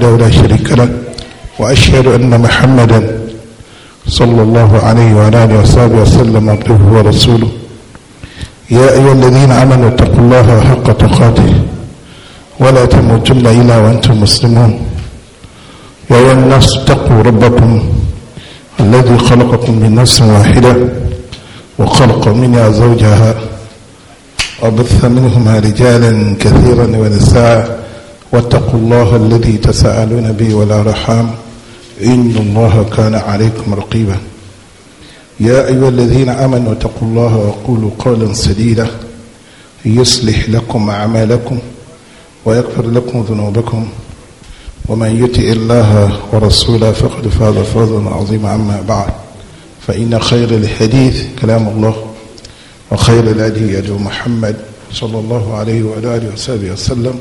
وحده لا شريك له وأشهد أن محمدا صلى الله عليه وعلى آله وصحبه وسلم عبده ورسوله يا أيها الذين آمنوا اتقوا الله حق تقاته ولا تموتن إلا وأنتم مسلمون يا أيها الناس اتقوا ربكم الذي خلقكم من نفس واحدة وخلق منها زوجها وبث منهما رجالا كثيرا ونساء واتقوا الله الذي تساءلون به والارحام ان الله كان عليكم رقيبا يا ايها الذين امنوا اتقوا الله وقولوا قولا سديدا يصلح لكم اعمالكم ويغفر لكم ذنوبكم ومن يطع الله ورسوله فقد فاز فوزا عظيما اما بعد فان خير الحديث كلام الله وخير الهدي هدي محمد صلى الله عليه وعلى اله وصحبه وسلم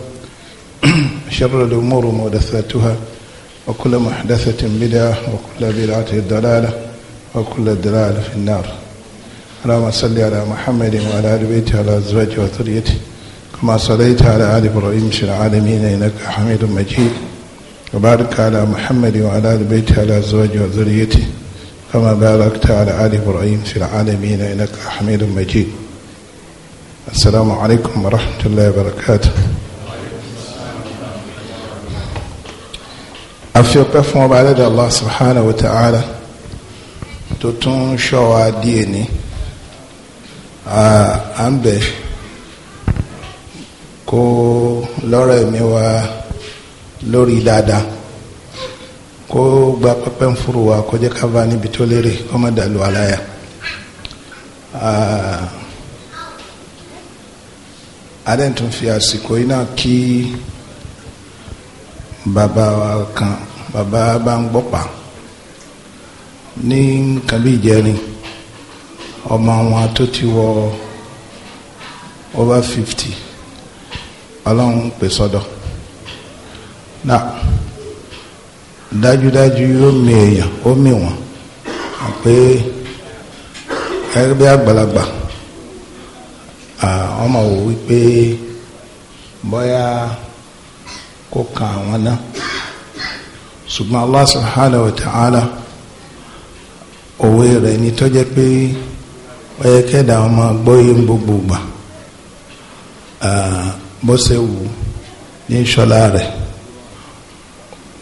شر الأمور محدثاتها وكل محدثة بدعة وكل بدعة دلالة وكل الدلالة في النار اللهم صل على محمد وعلى آل بيته وعلى أزواجه وذريته كما صليت على آل إبراهيم في العالمين إنك حميد مجيد وبارك على محمد وعلى آل بيته وعلى أزواجه وذريته كما باركت على آل إبراهيم في العالمين إنك حميد مجيد السلام عليكم ورحمة الله وبركاته àfi ọpẹ́ fún ọba alẹ́dàá allah subhanahu wa ta'ala tó tún ṣọ́ wa díẹ̀ ní à ń bẹ̀ kó lọ́rọ̀ ẹ̀mí wa lórí dáadáa kó gba pẹ́pẹ́ ń furu wa kó jẹ́ ká bá níbi tó lérè kó má dàlú aláya adẹ́ntún fi àsìkò iná kí. Uh, bàbá wa kan bàbá bá ń gbọ́pà ní nǹkan bí ìjẹrin ọmọ àwọn tó ti wọ over fifty ọlọ́run pè sọ́dọ̀ náà dájúdájú yóò mi èèyàn ó mi wọ́n pé ẹgbẹ́ àgbàlagbà ọmọ wò wípé bóyá. Boya kó kan àwọn náà ṣùgbọ́n Allah subhanahu wa ta'ala òwe rẹ̀ ni tó jẹ́ pé ó yẹ kẹ́dà ọmọ gbóyè gbogbo gbà bó ṣe wù ní ṣọlá rẹ̀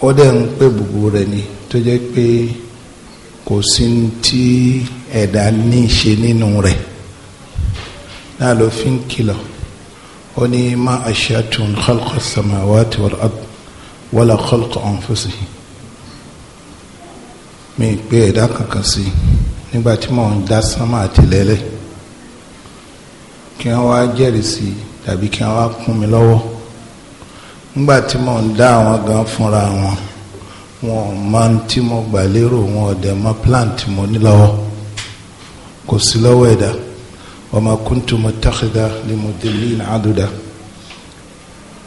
ó dẹ̀ ń pè gbogbo rẹ̀ ni tó jẹ́ pé kò sí tí ẹ̀dá ní ṣe nínú rẹ̀ náà ló fi ń kìlọ̀. أني ما أشهدتم خلق السماوات والأرض ولا خلق أنفسهم mi gbé ẹ̀dá kankan sí nígbà tí mò ń dá sánmà àtìlẹ́lẹ̀ kí wọ́n wá jẹ́rìí sí tàbí kí wọ́n wá kún mi lọ́wọ́ nígbà tí mò ń dá àwọn gan fúnra wọn wọn ò mọ tí mo gbà lérò wọn ò dẹ̀ mọ mo ní lọ́wọ́ kò sí lọ́wọ́ ẹ̀dá. E وما كنت متخذا لمدلين عددا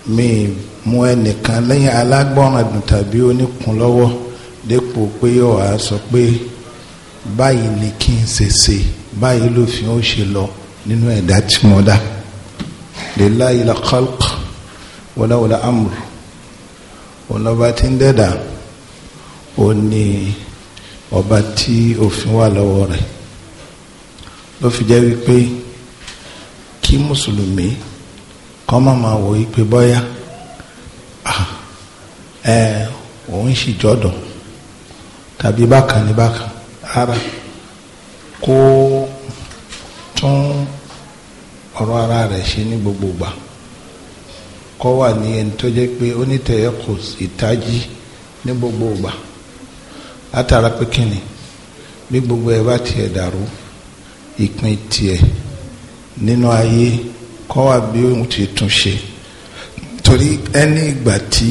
mi mú ẹnìkan lẹ́yìn alágbọ́nràn tàbí oníkun lọ́wọ́ dépò pé ọ̀hà sọ pé báyìí ni kí n ṣe ṣe báyìí lófin ó ṣe lọ nínú ẹ̀dá tí mo dá lillahi la khalq wala wala amr ọlọ́ba tí ń dẹ́dà ó ní ọba tí òfin wà lọ́wọ́ rẹ̀. ló fi jẹ́ wípé kí mùsùlùmí kọ́ má máa wò wípé bọ́yá ẹ òun ṣìjọ́dọ̀ tàbí bákan ní bákan rárá kó tún ọ̀rọ̀ ara rẹ̀ ṣe ní gbogbo ìgbà kọ́ wà ní ẹni tó jẹ́ pé ó ní kò sì tají ní gbogbo ìgbà látara pé kíni bí gbogbo ẹ bá tiẹ̀ dàrú ìpín tiẹ̀ nínú ayé kọ́ wà bí òun ti tún ṣe torí ẹni ìgbà tí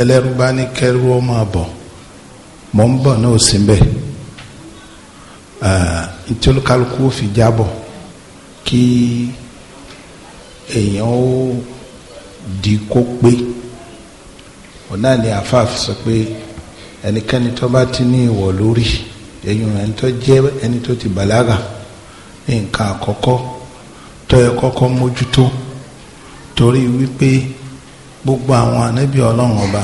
ẹlẹ́rú bá ní kẹ́rú ọ máa bọ̀ mọ̀ ń bọ̀ náà sí bẹ́ẹ̀ tí olúkálukú fi jábọ̀ kí èèyàn ó di kó pé òun náà ni àfáàfin sọ pé ẹnikẹ́ni tó bá ti ní ìwọ̀ lórí èèyàn ẹni tó jẹ́ ẹni tó ti bàlágà nǹkan àkọ́kọ́ tó yẹ kọ́kọ́ mójútó torí wípé gbogbo àwọn ànábì ọlọ́run ọba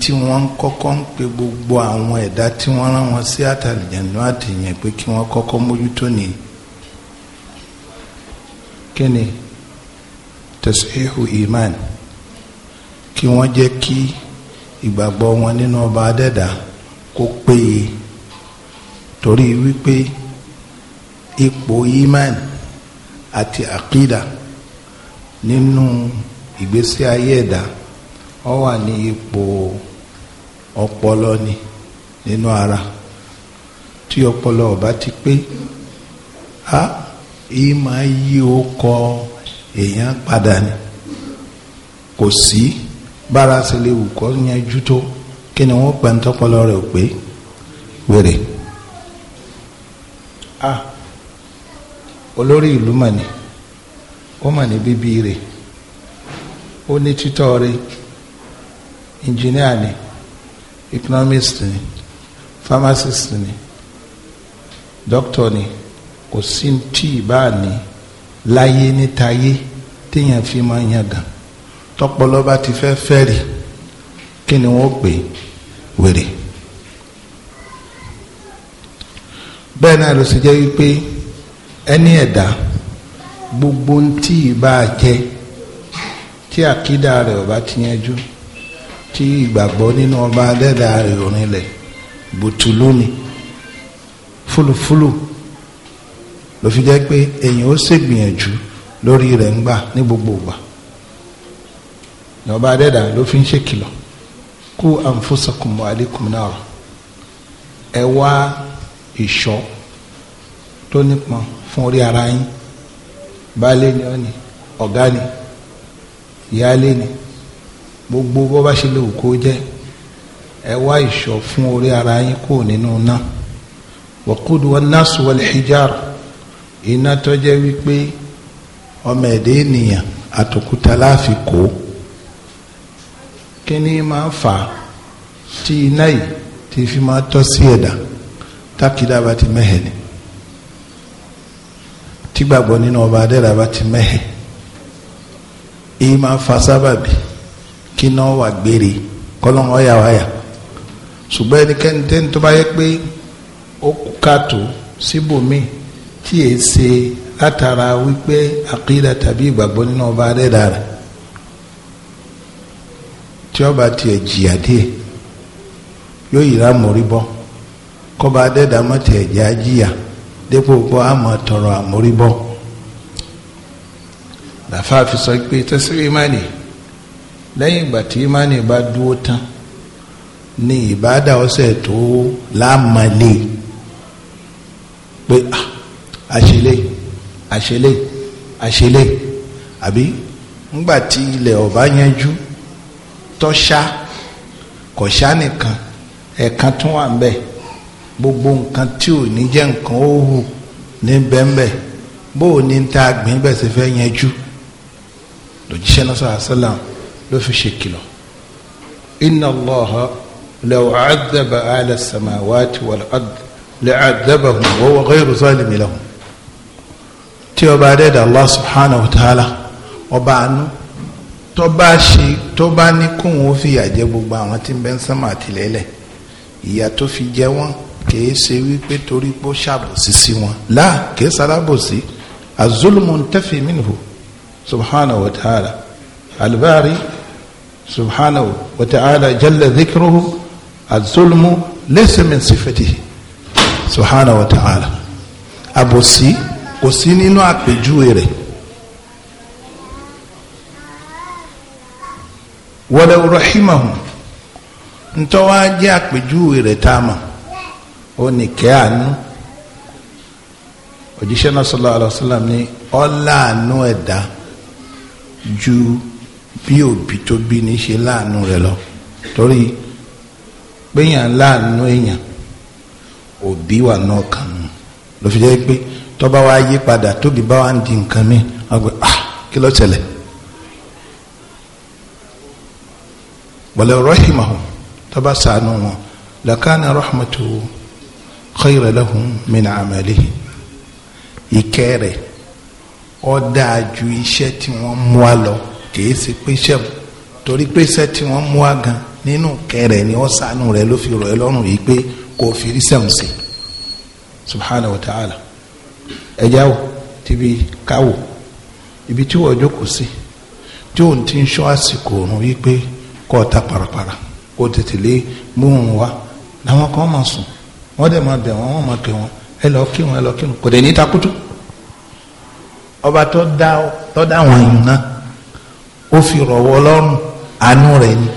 tí wọ́n ń kọ́kọ́ ń pe gbogbo àwọn ẹ̀dá tí wọ́n rán wọn sí àtàlìjẹ̀nú àtìyàn pé kí wọ́n kọ́kọ́ mójútó ni kíni tẹ̀síhù iman kí wọ́n jẹ́ kí ìgbàgbọ́ wọn nínú ọba adẹ́dà kó péye torí wípé ipò imán àti àkídà nínú ìgbésí ayé ẹ̀dá ó wà ní ipò ọpọlọ ni nínú ara tí ọpọlọ ọba ti pé a ìmọ̀ yí ó kọ èèyàn padà ni kò sí bára ṣe lè wù kọ́ yanjú tó kí ni wọ́n pẹ́ rẹ̀ pé wèrè. ah olórí ìlú mà ní ó mà ní bíbí rẹ̀ ó ní títọ́ rẹ̀ engineer ni economist ni pharmacist ni doctor ni kò sí tí ìbá ní láyé nítayé téèyàn fi máa yan gàn tọpọlọ bá ti fẹ́ fẹ́rì kí ni wọ́n pè wèrè bẹ́ẹ̀ náà ló sì jẹ́ wípé ẹni ẹ̀dá gbogbo ntí ìbá jẹ tí àkídà rẹ̀ ọba ti yanjú tí ìgbàgbọ́ nínú ọba adẹ́dà rẹ̀ orinlẹ̀ bùtùlù ni fúlùfúlù ló fi jẹ́ pé èyàn ó ṣègbìyànjú lórí rẹ̀ ń gbà ní gbogbo ìgbà ọba adẹ́dà ló fi ń ṣèkìlọ̀ kú anfusakum wa alikum ẹ wá ìṣọ́ tó nípọn fún orí ara yín baálé ni ọ́ ni ọ̀gá ni ìyáálé ni gbogbo bó bá ṣe lè wù kó jẹ́ ẹ wá ìṣọ́ fún orí ara yín kò nínú náà wàkúdu wọn náàsù wọlé hijab iná tó jẹ́ wípé ọmọ ẹ̀dẹ́ ènìyàn àtòkúta láàfin kó kí ni máa fà á tí iná yìí ti fi máa tọ́ sí ẹ̀dá tákìdá bá ti mẹ́hẹ̀ẹ́ tí gbàgbọ́ nínú ọba adẹ́rẹ́ ti mẹ́hẹ̀ èyí máa fa sábàbí kí náà wà gbére kọ́lọ́n ọ̀yà wáyà ṣùgbọ́n ẹnikẹ́ni tẹ́ni tó bá yẹ pé ó kàtó síbòmí tí èé ṣe látara wípé àkídà tàbí ìgbàgbọ́ nínú ọba adẹ́rẹ́ tí ọba tiẹ̀ jìyà díẹ̀ yóò yìí rámọ̀rí bọ́ kọ́ba adẹ́dàá mọ́tẹ̀ ẹ̀jẹ̀ ajíyà dépò pé a máa tọrọ àmóríbọ làfáà fi sọ pé tẹsírí ìmánì lẹ́yìn ìgbà tí ìmánì bá dúró tán ní ìbáàdà ọ̀sẹ̀ tó láàmàlè pé àṣẹlẹ̀ àṣẹlẹ̀ àṣẹlẹ̀ àbí ńgbà tí ilẹ̀ ọ̀bá yanjú tọ́ṣá kọ̀ṣá nìkan ẹ̀ẹ̀kan tún wà ń bẹ́ẹ̀ gbogbo nǹkan tí ò ní jẹ́ nǹkan ó hù ní bẹ́ẹ̀nbẹ́ bó o ní ta gbìn bẹ́ẹ̀ sì fẹ́ yanjú lójíṣẹ́ náà sọ̀rọ̀ sálàm ló fi ṣe kìlọ̀ inna allaha law adaba ala samawati wal ard la adabahum wa huwa ghayru zalimi lahum tí ọba adẹ́dà allah subhanahu wa ta'ala ọba àánú tó bá ṣe tó bá ní kóun ó fìyà jẹ gbogbo àwọn tí ń bẹ ń sánmà àtìlẹ́lẹ̀ ìyà tó fi jẹ wọ́n kìí ṣe wípé torí pé ó ṣàbòsí sí wọn láà kìí ṣàlábòsí azulmuntafi minhu subhanahu wa ta'ala albari subhanahu wa ta'ala jalla dhikruhu azulmu laysa min sifatihi subhanahu wa ta'ala àbòsí kò sí nínú àpèjúwe rẹ̀. walaw rahimahum ntọ́wá àpèjúwe rẹ̀ tá a mọ̀ ó ní kẹ́ àánú òjíṣẹ́ náà sallallahu alaihi wasallam ní ọlá àánú ẹ̀dá ju bí òbí tó bí ní ṣe láàánú rẹ̀ lọ torí péyàn láàánú èèyàn òbí wà náà kàn mú ló fi jẹ́ pé tọ́ba wa yí padà tóbi bá wa ń di nǹkan mi wọ́n gbé ah kí ló ṣẹlẹ̀ wọlé rọ́ṣìmọ̀ tọ́ba sànù wọn làkàna rahmatu. خير لهم من amalihi يكره ó dáa ju iṣẹ́ tí wọ́n mú wa lọ kìí ṣe pé iṣẹ́ torí pé iṣẹ́ tí wọ́n mú wa gan nínú kẹrẹ ni wọ́n sànù rẹ ló fi rọ̀ ẹ́ lọ́rùn yìí pé kò fi rí sẹ́wọ̀n sí subhanahu wa ta'ala ẹ̀já wò tíbi káwò ibi tí wọ́n jókòó sí tí òun ti ń ṣọ́ àsìkò òun wípé kọ́ ọ ta parapara kó tètè lé mú wá làwọn kan máa sùn wọ́n dẹ̀ máa bẹ̀ wọ́n wọ́n máa pè wọ́n ẹ lọ kí wọn ẹ lọ kí wọn kò dẹ̀ ní takutu ọba tó dá tó dá wọn yìí náà ó fi rọ̀wọ́ lọ́rùn àánú rẹ̀ ni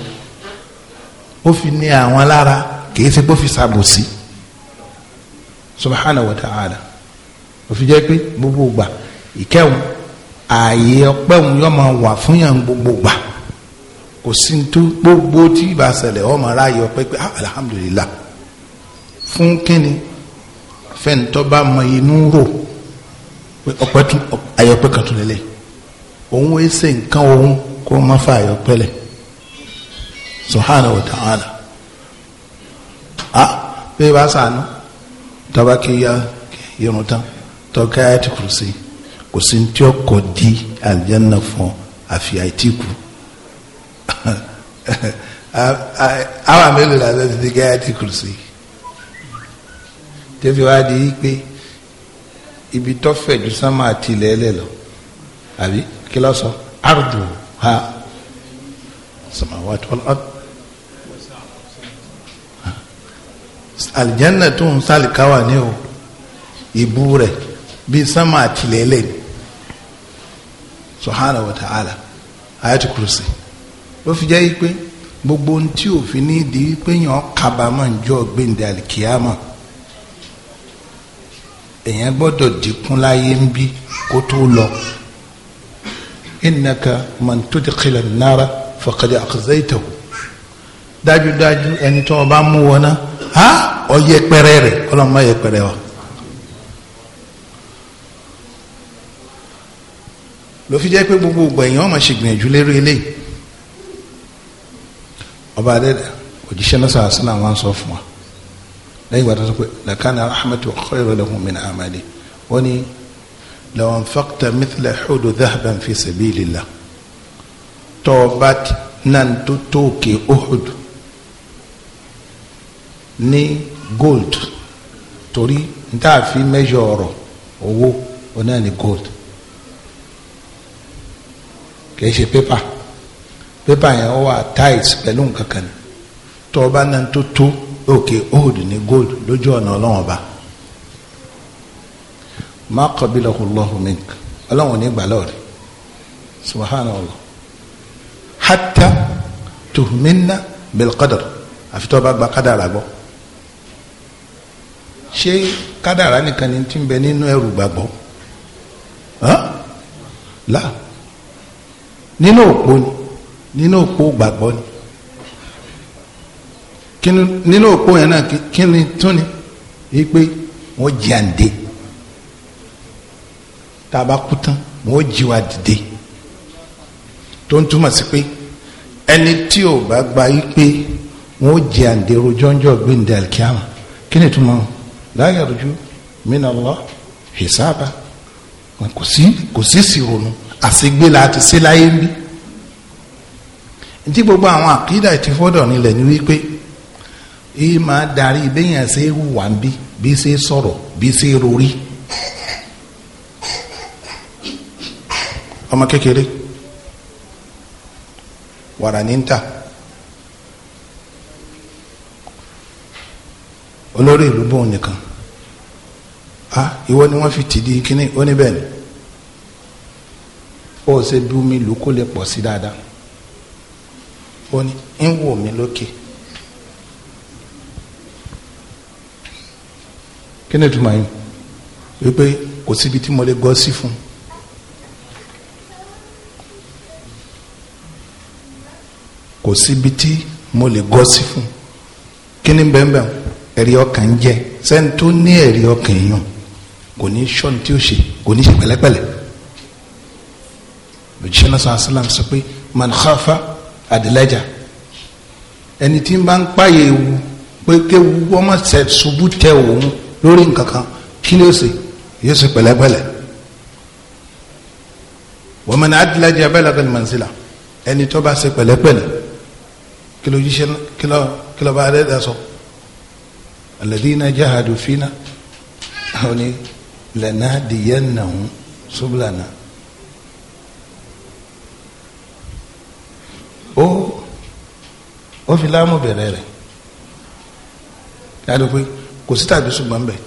ó fi ní àwọn lára kìí ṣe pé ó fi ṣàbòsí subahana wa ta'ala òfin jẹ́ pé gbogbo gbà ìkẹ́hùn ààyè ọpẹ́ òun yọ máa wà fún yàn gbogbo gbà kò sí ní tó gbogbo tí ìbá ṣẹlẹ̀ ọ ọpẹ́ pé ah, alhamdulilayi fún kínni fẹ́ǹtọ́ bá mọ inú rò ọ̀pẹ́ tún ayọ̀pẹ́ kan tún lélẹ̀ òun ó ṣe nǹkan òun kó má fa ayọ̀pẹ́ lẹ̀ subhanahu wa ta'ala ah bẹ́ẹ̀ bá sànú tọ́ba kí ya irun tán tọ́ka ẹ̀ ti kùrù sí kò sí ní tí ó kọ̀ di àlùjánnà fún àfi àìtí kù awa mélòó la bẹ́ẹ̀ ti di ká ẹ̀ ti kùrù sí tẹ́fi wá di pé ibi tó fẹ̀ ju sánmà àtìlẹ́ ẹlẹ́ lọ àbí kí ló sọ ardu ha samawati wal ard alijanna tó ń sálì káwà ní o ìbú rẹ̀ bí sánmà àtìlẹ́ ẹlẹ́ ni subhana wa ta'ala ayati kurusi ló fi jẹ́ pé gbogbo ohun òfin ní di pé yàn kábàámọ̀ ń jọ alikiyama èèyàn gbọ́dọ̀ dínkùn láyé ń bí kó tó lọ innaka man tudkhila nara faqad akhzaytahu dájúdájú ẹni tó o bá mú wọn náà ha ọ yẹpẹrẹ rẹ ọlọmọ yẹpẹrẹ wa. ló fi jẹ́ pé gbogbo ògbà èèyàn ọmọ ṣègbìyànjú lérò eléyìí ọba adẹ́dà òjíṣẹ́ náà sọ àṣìlá wọn sọ fún wa lẹ́yìn wàtí sọ́kè lakana rahmatu khayra lahum min amali wọ́n ní law anfaqta mithla hudu dhahaban fi sabilillah tọ́ba náà tó tóòkè Uhud ní gold torí n tá a fi mẹ́jọ ọ̀rọ̀ owó oná ní gold kì í ṣe pépà pépà yẹn wà tight pẹ̀lú nǹkan kan tọ́ba náà tó tó òkè old ní gold lójú ọ̀nà ọlọ́run ọba má kọ́bílẹ̀ ọlọ́run mi ọlọ́run ní gbàlọ́ rẹ̀ subhanallah hatta tuhminna bilqadar àfi tó bá gba kádàrà gbọ́ ṣé kádàrà nìkan ni ti ń bẹ nínú ẹrù gbàgbọ́ la nínú òpó ni nínú òpó gbàgbọ́ ni nínú òpó yẹn náà kí ni tún ni wípé wọ́n jí à ń dé tá a bá kú tán wọ́n jí wa dìde tó ń túmọ̀ sí pé ẹni tí ò bá gba wípé wọ́n jí à ń dé rojọ́njọ́ gbẹ̀ǹdẹ̀ àlùkìyàmà kí ni túmọ̀ láyé àrùjú min hisaba kò sí kò sí sìrònú àṣegbè láti ṣe láyé ń bí. ní gbogbo àwọn àkídà ìtìfọ́dọ̀ nílẹ̀ ni wípé i ma darí i bɛ é se bí bí bi é sọ̀rọ̀ bí ṣe é rorí ọma kekere. Waraninta. Olori ta olórí ìlú a ìwọ ni wọn fi tìdí kínní ó ní bẹ́ẹ̀ ni ó ṣe bí omi lè sí dáadáa kí ni ìtumọ̀ yìí wípé kò síbi tí mo lè gọ́ sí fún kò síbi tí mo lè gọ́ sí fún kí ni bẹ́ẹ̀bẹ́ ẹ̀rí ọkàn jẹ́ sẹ́ni tó ní ẹ̀rí ọkàn yìí kò ní sọ́ni tí ó ṣe kò ní ṣe pẹ̀lẹ́pẹ̀lẹ́ òjíṣẹ́ náà sàn sílám sọ pé man khafa adilaja ẹni tí ń bá ń páyé ewu pé kéwu wọ́n má ṣe ṣubú tẹ òun lórí nǹkan kan kí ló ṣe yóò ṣe pẹ̀lẹ́pẹ̀lẹ́ wa man adlaja balagha al-manzila ẹni tó bá ṣe pẹ̀lẹ́pẹ̀lẹ́ kí ló jíṣẹ́ kí ló kí ló bá rẹ̀ dà sọ alladhina jahadu fina àwọn ni lanahdiyannahum sublana. ó ó fi láàmú bẹ̀rẹ̀ rẹ̀ yàtọ̀ pé kò sí tàbí ṣùgbọ́n bẹ̀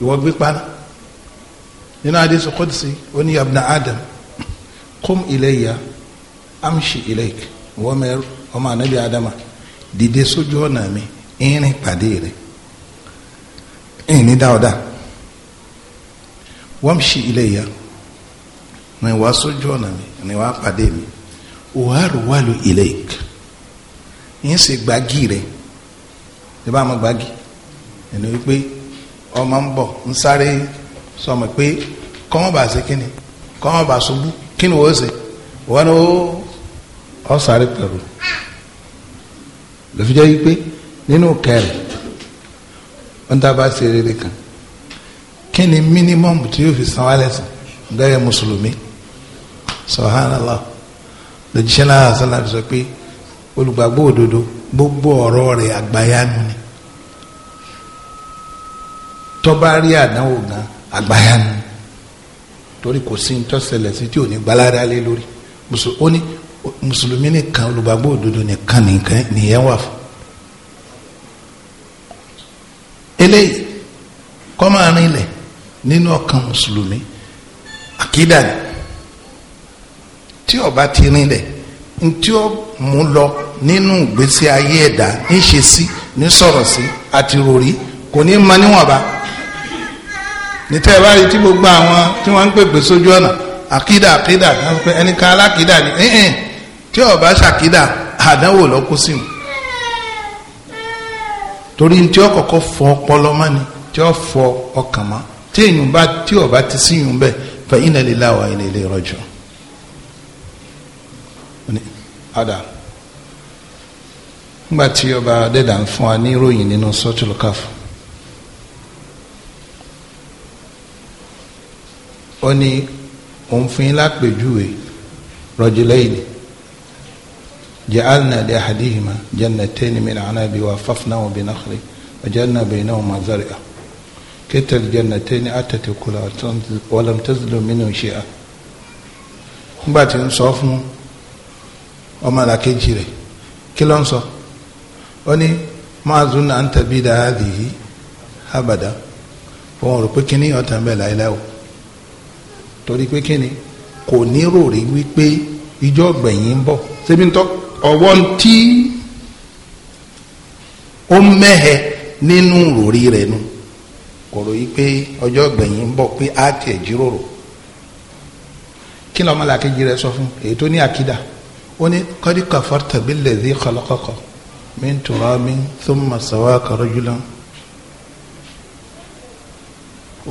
ìwọ gbé paná nínú hadith qudsi ó ní abna adam qum ilayya amshi ilayk wọ́n mẹ́rù ọmọ anabi adama dìde sójú ọ̀nà mi ìrìn pàdé rẹ̀ ìrìn dáadáa wamshi ilayya rìn wá sójú ọ̀nà mi rìn wá pàdé mi òhàrùwálù ilayk ń ṣe gbági rẹ̀ ẹ gbági ẹni wípé ọmọ ń bọ̀ ń sáré sọmọ pé kọ́mọ́ bá ṣe kíni kọ́mọ́ bá ṣubú kíni wọ́n ṣe wọ́n ní ó sáré pẹ̀lú lọ́fíjọ́ yìí pé nínú kẹrì wọ́n dábàá ṣe rere kan kí ni mínímọ́mù tí yóò fi san wálẹ̀ sàn gẹ́gẹ́ mùsùlùmí sọ̀hánàlá lójúṣẹ́ náà sọ́nà fi sọ pé olùgbàgbọ́ òdodo gbogbo ọ̀rọ̀ rẹ̀ àgbáyánu ni tọ́ba rí àdánwò gan àgbáyà ni torí kò sí ntọ́sẹ̀lẹ̀ sí tí ò ní gbalára lé lórí mùsùlùmí nìkan olùgbàgbọ́ òdodo nìkan nìkan nìyẹn wà fún. eléyìí kọ́ máa rin nínú ọkàn mùsùlùmí àkídà ni tí ọba ti rin ilẹ̀ tí ó mú lọ nínú ìgbésí ayé ẹ̀dá níṣe sí ní sọ̀rọ̀ sí àti ròrí kò ní ma níwọ̀nba. nítẹ́ ẹ bá rí tí gbogbo àwọn tí wọ́n ń pèpè sójú ọ̀nà àkídà àkídà ẹni alákídà ni ẹ̀ẹ́n tí ọba ṣàkídà àdánwò lọ́kọ́ sí mu torí tí ó kọ́kọ́ fọ ọpọlọ mọ́ ni tí ó fọ ọkàn mọ́ tí bá tí ọba ti síyùn bẹ́ẹ̀ fa inna lillahi wa inna ilayhi raji'un ada ngbàtí ọba adẹ́dà ń fún wa ní ìròyìn nínú ó ní òun fún yín lápèjúwe rajulaini ja'alna li ahadihima jannatayni min anabi wa fafnahu bi nakhli wa ja'alna baynahuma zari'a كلتا الجنتين أتت كلها ولم تزل منه شيئا nígbà tí ń sọ fún ọmọ làkejì rẹ̀ kí ló ń sọ ó ní máa zun náà ń tẹ̀bí dáadìí abàdá òun rò pé kíní ọ̀tàn bẹ́ẹ̀ láéláé o torí pé kíni kò ní ròrí wípé ìjọ gbẹ̀yìn ń bọ̀ ṣébi ń tọ́ ọwọ́ tí ó mẹ́hẹ nínú ròrí rẹ̀ nu kò ròyí pé ọjọ́ gbẹ̀yìn ń bọ̀ pé á tiẹ̀ jíròrò kí ni ọmọlàkejì rẹ̀ sọ fún èyí tó ní àkídà ó ní kọ́dí kàfọ́tà bí lẹ́dí kọlọ́kọ́kọ́ mi ń tùrọ́ mi tó mọ̀ sọ́wọ́ kọ́rọ́ jùlọ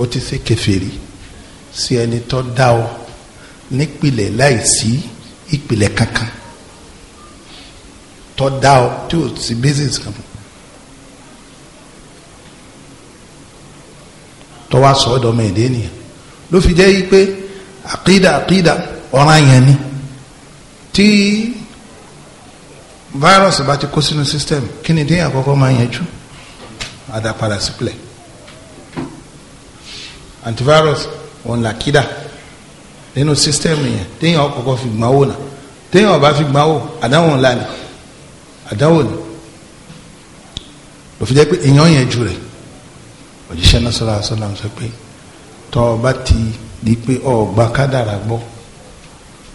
ó ti ṣe kẹfẹ́rì sí ẹni tó dá ọ nípìlẹ̀ láìsí ìpìlẹ̀ kankan tó dá ọ tí ò sí basis kan tó wá sọ ọ́dọ̀ ọmọ èdè nìyẹn ló fi jẹ́ yí pé àkídà àkídà ọ̀ràn yẹn ni tí fáírọ̀sì bá ti kó sínú system kí ni dín àkọ́kọ́ máa yanjú àdàpadà sípìlẹ̀ antivirus òun làkídà nínú sísítẹ́ẹ̀mù yẹn téèyàn kọ́kọ́ fi gbọ́nwó náà téèyàn bá fi gbọ́nwó àdáwò ńlá ni àdáwò ni lòfi jẹ́ pé èèyàn yẹn ju rẹ̀ òjíṣẹ́ náà sọ́lá sọ́lá sọ pé tọ́ ọ bá ti di pé ọ gba kádàrà gbọ́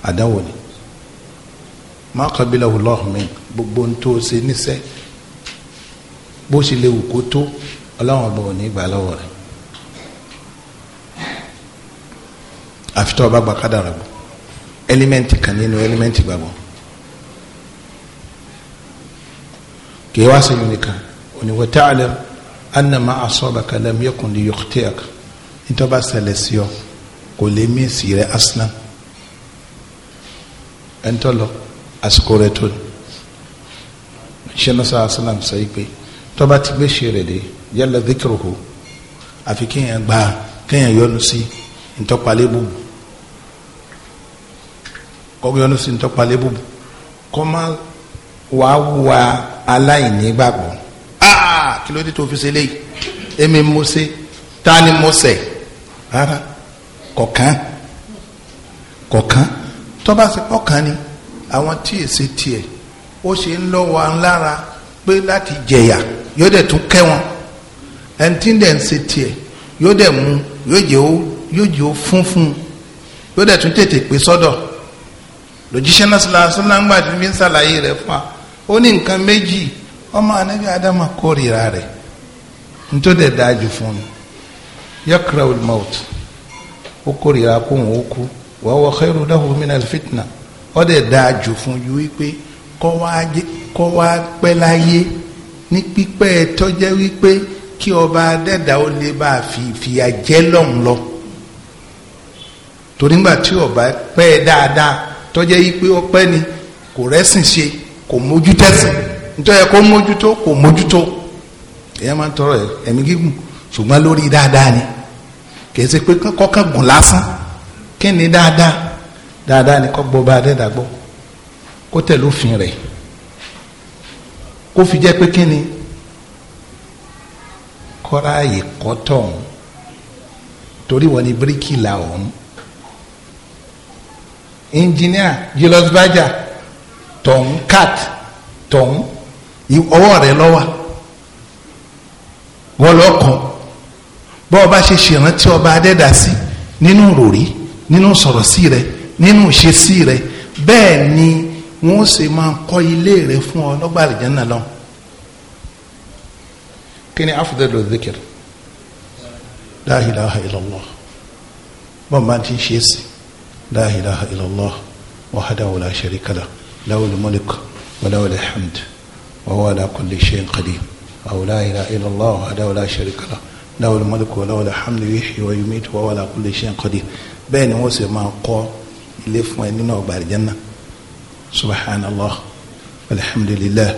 àdáwò ni má kọ́bílẹ̀ wò gbogbo ń tó ṣe níṣẹ́ bó ṣe lè wù kó tó ọlọ́run ọba ní gbà lọ́wọ́ rẹ̀ àfi tó o bá gba kádàrà gbọ́ ẹlímẹ́ǹtì kan nínú ẹlímẹ́ǹtì gbàgbọ́ kìí wá sẹ́yìn nìkan oníwọ̀ tá a lẹ anama asọ́bàkà lẹ́mu yẹkùn ní yọkùtẹ́ẹ̀k nítorí bá ṣẹlẹ̀ sí ọ kò lè mí sí rẹ aslam ẹ̀ńtọ́ lọ àsìkò rẹ tó ṣe náà sọ aslam sọ yìí pé tọ́ba ti gbé ṣe rẹ̀ dé yálà díkìrò hù àfi kéèyàn gba kéèyàn yọnu sí ntọ́palẹ́ bùbù kọ́gbẹ́nu sí tọ́pa lébùbù kọ́ máa wà á wà aláìní gbàgbọ́ aa ah, kí ló dé tó fi ṣe léyìí èmi mo ṣe ta ni mo ṣe rárá kọ̀kan kọ̀kan tọ́ba ṣe kọ̀kan ni àwọn tí èsì tiẹ̀ ó ṣe ń lọ́wọ́ ńlára pé láti jẹ̀yà yóò dẹ̀ tún kẹ́ wọn ẹni tí ń dẹ̀ ń ṣe tiẹ̀ yóò dẹ̀ mú yóò jẹ́ ó fúnfún yóò dẹ̀ tún tètè pé sọ́dọ̀. So lòjíṣẹ́ náà sọlá sọlá ńgbà tí mi ń ṣàlàyé rẹ̀ fún wa ó ní nǹkan anabi adama kórìíra rẹ̀ nítorí dájú fún un yakra ó kórìíra kó wọn ó kú wàá wọ khairu lahu fitna ó dẹ̀ dájú fún ju wípé kọ́ wá pẹ́ láyé ní pípẹ́ tọ́jẹ́ wípé kí ọba adẹ́dà ó lè bá fi ìfìyà jẹ́ lọ́hùn lọ torí ńgbà tí ọba pẹ́ dáadáa tọ́jẹ́ yìí pé ọpẹ́ ni kò rẹ́sìn ṣe kò mójútẹ́sìn nítorí kó mójútó kò mójútó èèyàn máa ń tọrọ ẹ̀mí gígùn ṣùgbọ́n lórí dáadáa ni kìí ṣe pé kọ́kàn gùn lásán kí ni dáadáa dáadáa ni kọ́ gbọ́ bá dẹ́dà gbọ́ kó tẹ̀ lófin rẹ̀ kó fi jẹ́ pé kí ni kọ́ra àyè kọ́ tọ̀ ọ̀hún torí wọ́n ní bíríkìlà ọ̀hún engineer Julius Berger tọ̀hún cat tọ̀hún ọwọ́ rẹ̀ lọ́wọ́ wọ́n lọ́ kàn bọ́ ọba ṣe ṣèrántí ọba adẹ́dà sí nínú ròrí nínú sọ̀rọ̀ sí rẹ nínú ìṣesí rẹ bẹ́ẹ̀ ni wọ́n ṣe máa kọ́ ilé rẹ fún ọ lọ́gbà àlìjẹ́nà lọ. kí ni afdalu dhikr la ilaha illallah bọ́ọ̀ máa ti ṣe é sí لا إله إلا الله وحده لا شريك له له الملك وله الحمد وهو على كل شيء قدير أو لا إله إلا الله وحده لا شريك له له الملك وله الحمد يحيي ويميت وهو على كل شيء قدير بين وسع ما قال اللي في نوع الجنة سبحان الله والحمد لله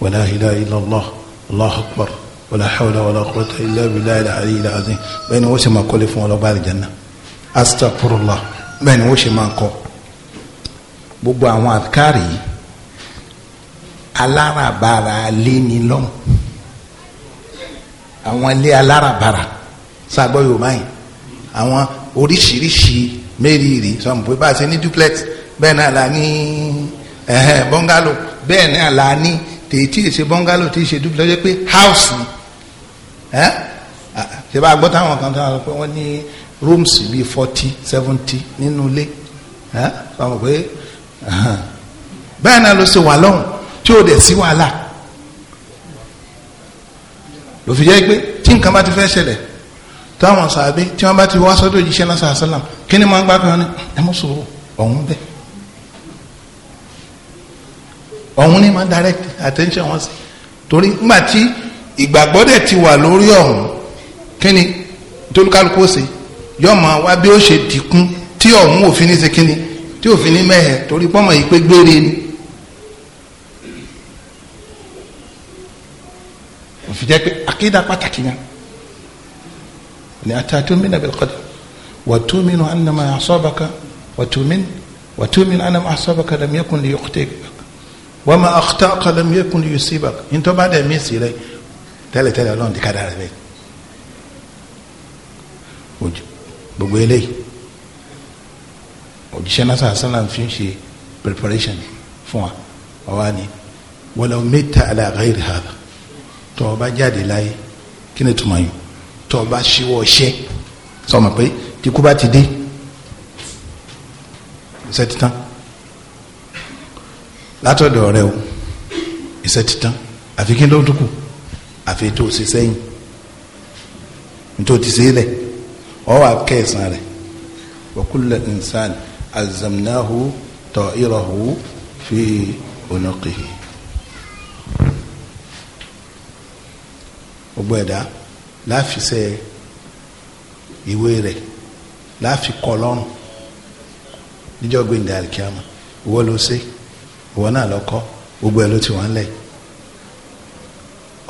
ولا إله إلا الله الله أكبر ولا حول ولا قوة إلا بالله العلي العظيم بين وسع ما قال في نوع الجنة أستغفر الله bẹ́ẹ̀ ni wọ́n ṣe máa kọ́ gbogbo àwọn àkárì alárabàrà lé ní lọ́mù àwọn ilé alárabàrà sàgbọ́ yorùbá yìí àwọn oríṣiríṣi mẹ́rìírí sọ̀rọ̀ pé bá a ṣe ní duplex bẹ́ẹ̀ náà la ní bọ́ngálò bẹ́ẹ̀ náà la ní tètè ṣe bọ́ngálò tí ṣe duplex pé house ni ṣe bá a gbọ́ táwọn kan tó wà pé wọ́n ní rooms bíi forty seventy nínú ilé ọmọ pé báyìí náà ló ṣe wà lọ́hùn tí ó dẹ̀ sí wàhálà lòfi jẹ́ pé tí nǹkan bá ti fẹ́ ṣẹlẹ̀ táwọn sàbí tí wọ́n bá ti wá sọ́dọ̀ òjíṣẹ́ náà sàásálàm kí ni máa ń gbá kan ní ẹ mọ̀ sọ̀rọ̀ ọ̀hún bẹ́ẹ̀ ọ̀hún ni máa direct attention wọn sí torí ńgbà tí ìgbàgbọ́ dẹ̀ ti wà lórí ọ̀hún kí ni tólúkálukú ó ṣe yọ máa wá bí ó ṣe dìkún tí ọ̀hún òfin ní ṣe kínni tí òfin ní mẹ́hẹ̀ torí pọ́nmọ̀ yìí pé gbére ni. òfin jẹ́ pé akéda pàtàkì náà ni atatu'minu bil qadar wa tu'minu anna ma asabaka wa tu'min wa tu'min anna ma asabaka lam yakun li yukhtik wa ma akhta'aka lam yakun li yusibak ntọ́ bá dẹ̀ mí sí rẹ̀ tẹ́lẹ̀tẹ́lẹ̀ ọlọ́run ti ká dára bẹ́ẹ̀ gbogbo eléyìí òjíṣẹ́ náà sàásánà fi ń ṣe preparation fún wa ọ̀wá ni walaw mita ala ghairi hadha tó o bá jáde láyé kí ni tuma yìí tó o bá ṣíwọ́ ṣẹ́ sọ̀mọ̀ pé kíkú bá ti dé iṣẹ́ ti tán látọ̀dọ̀ rẹ o iṣẹ́ ti àfi kí ló dúkù àfi tó o ṣe sẹ́yìn nítorí ti ṣe é lẹ̀ ọ wà kẹsàn rẹ wa kulla insan alzamnahu ta'irahu fi unuqihi gbogbo ẹ̀dá láfisẹ ìwé rẹ láfi kọ lọ́rùn níjọ́ gbẹ̀ndẹ̀ àríkíámà ìwọ ló ṣe ìwọ náà lọ kọ gbogbo ẹ̀ ló ti wà lẹ̀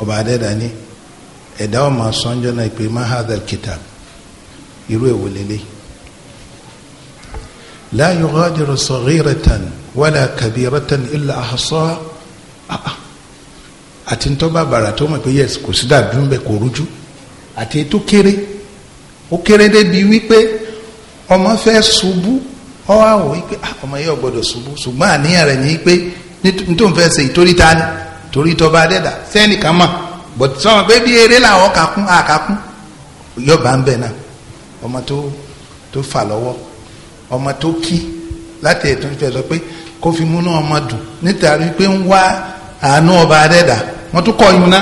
ọba adẹ́dàá ní ẹ̀dá ọmọ sọ́njọ́ náà pé mahadal kitab irú èwo lélẹ̀ la yughadiru saghiratan wala kabiratan illa ahsa àti ntọ́ba bàrà tó mọ̀ pé yes kò sí dàbí ń bẹ kò rújú àti ètò kéré ó kéré débi wípé ọmọ fẹ́ ṣubú ọ wá wò wípé ah, ọmọ yẹn ò gbọdọ̀ ṣubú ṣùgbọ́n àníyàn rẹ̀ ní pé nítorí fẹ́ ṣe ìtorí ta ni torí tọba adẹ́dà sẹ́nìkan mọ̀ bọ̀tí sọ́wọ́n pé bí eré làwọn kà kún yọba ń bẹ̀ náà ọmọ tó tó fà lọ́wọ́ ọmọ tó kí láti ètò ìfẹ́ sọ pé kó fi múná ọmọ dùn nítorí pé ń wá àánú ọba adẹ́dà wọ́n tún kọ́ ìmúná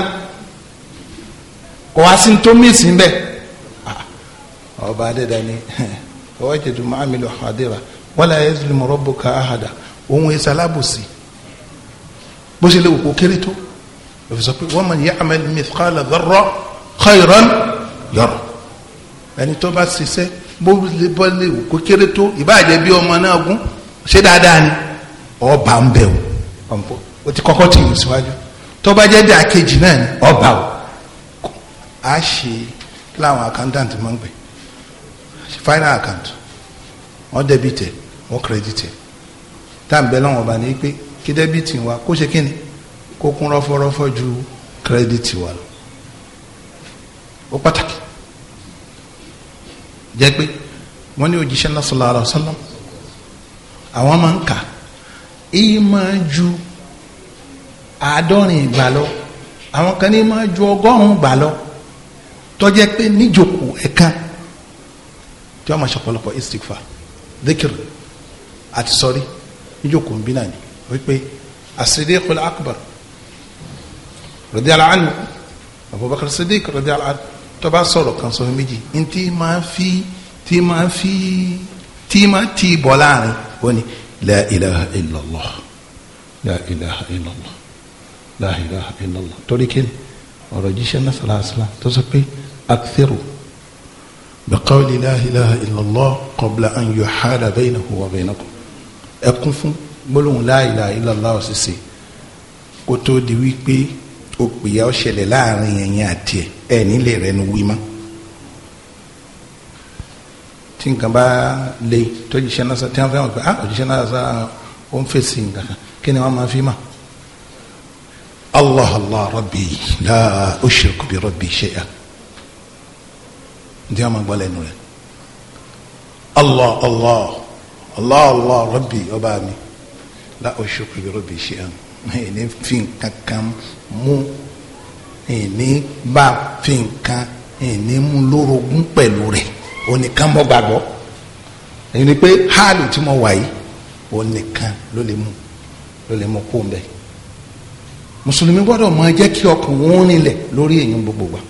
kò wá sí tó mí sí bẹ́ẹ̀ ah, ọba adẹ́dà ni ọwọ́ ìjẹ̀dù máa mi lọ àdéhà wọ́n láyé ẹ̀sìlẹ̀mọ̀ rọ́bùkà àhàdà òun ẹ̀sẹ̀ alábòsí bó ṣe lè wò kó kéré tó òfin sọ pé wọ́n mọ̀ ní ya'mal mithqala dharra khayran yara ẹni tó bá ṣiṣẹ́ bó lè bọ́ lè wò kó kéré tó ìbáàjẹ́ bí ọmọ náà gún ṣé dáadáa ni ọba ń bẹ̀ o o ti kọ́kọ́ tì í síwájú tó bá jẹ́ dáa kejì náà ni ọba o a ṣe láwọn accountant máa ń gbé final account wọ́n debit ẹ̀ wọ́n credit ẹ̀ tá à ń bẹ lọ́wọ́n ọba ní pé kí debit wa kó ṣe kí ni kó kún rọ́fọ́rọ́fọ́ ju credit wa lọ ó pàtàkì jẹ́ pé wọ́n ní òjíṣẹ́ náà sallallahu alaihi wasallam àwọn máa ń kà èyí máa ju àádọ́rin ìgbà lọ àwọn kan ní máa ju ọgọ́rùn-ún ìgbà lọ tó jẹ́ pé níjókòó ẹ̀ka tí wọ́n máa ṣọ̀pọ̀lọpọ̀ istikfa dhikr àti sọ́rí níjókòó ń bí náà ni wípé as-Siddiqul Akbar radiyallahu anhu Abubakar Siddiq radiyallahu anhu tó bá sọ̀rọ̀ kan sọ méjì ntí máa fi tí máa fi tí máa ti bọ̀ láàrin ó ní la ilaha illallah la ilaha illallah la ilaha illallah torí kí ni ọ̀rọ̀ jíṣẹ́ náà sàlàsàlà tó sọ pé akthiru bi qawli la ilaha illallah qabla an yuhala baynahu wa baynakum ẹkún fún gbólóhùn la ilaha illallah ọ̀sísè kó di wípé òpìyà ó ṣẹlẹ̀ láàrin ẹ̀yin àti ẹ̀ ẹ̀ nílé rẹ̀ nu wí mọ́ tí nǹkan bá le tó jíṣẹ́ náà sá tí wọ́n fẹ́ràn pé ah òjíṣẹ́ náà sá ó ń fèsì nǹkan kan kí ni wọ́n máa fi mà. allah allah rabbi la ushriku rabbi shay'a ǹjẹ́ wọ́n máa gbọ́ lẹ́nu rẹ̀ allah allah allah allah rabbi ọba mi la ushriku rabbi shay'a ìní fi nǹkan kan mú ìní bá fi nǹkan ìní mú lórogún pẹ̀lú rẹ̀ onìkan mọ́ gbàgbọ́ ìní pé háàlù tí mo wà yìí onìkan ló lè mú ló lè mú kó mbẹ mùsùlùmí gbọ́dọ̀ máa jẹ́ kí ọkàn wọn rinlẹ̀ lórí èèyàn gbogbo wa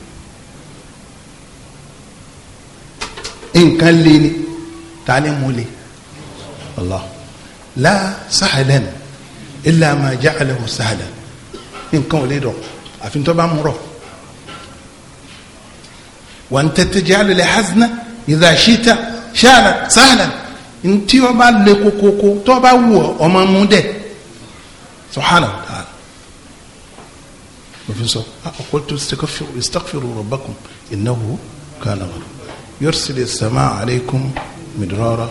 nǹkan lé ni ta ni mo lè Allah la sahalan illa ma ja'alahu sahla nǹkan ò lè rọ̀ àfi tó bá mú rọ̀ wa anta taj'alu al-hazna idha shi'ta sahlan ntí o bá lè kokoko tó o bá wù ọ ọmọ mú dẹ subhanahu wa ta'ala òfin sọ qultu istaghfiru rabbakum innahu kana ghafur yursil as-samaa alaykum midrara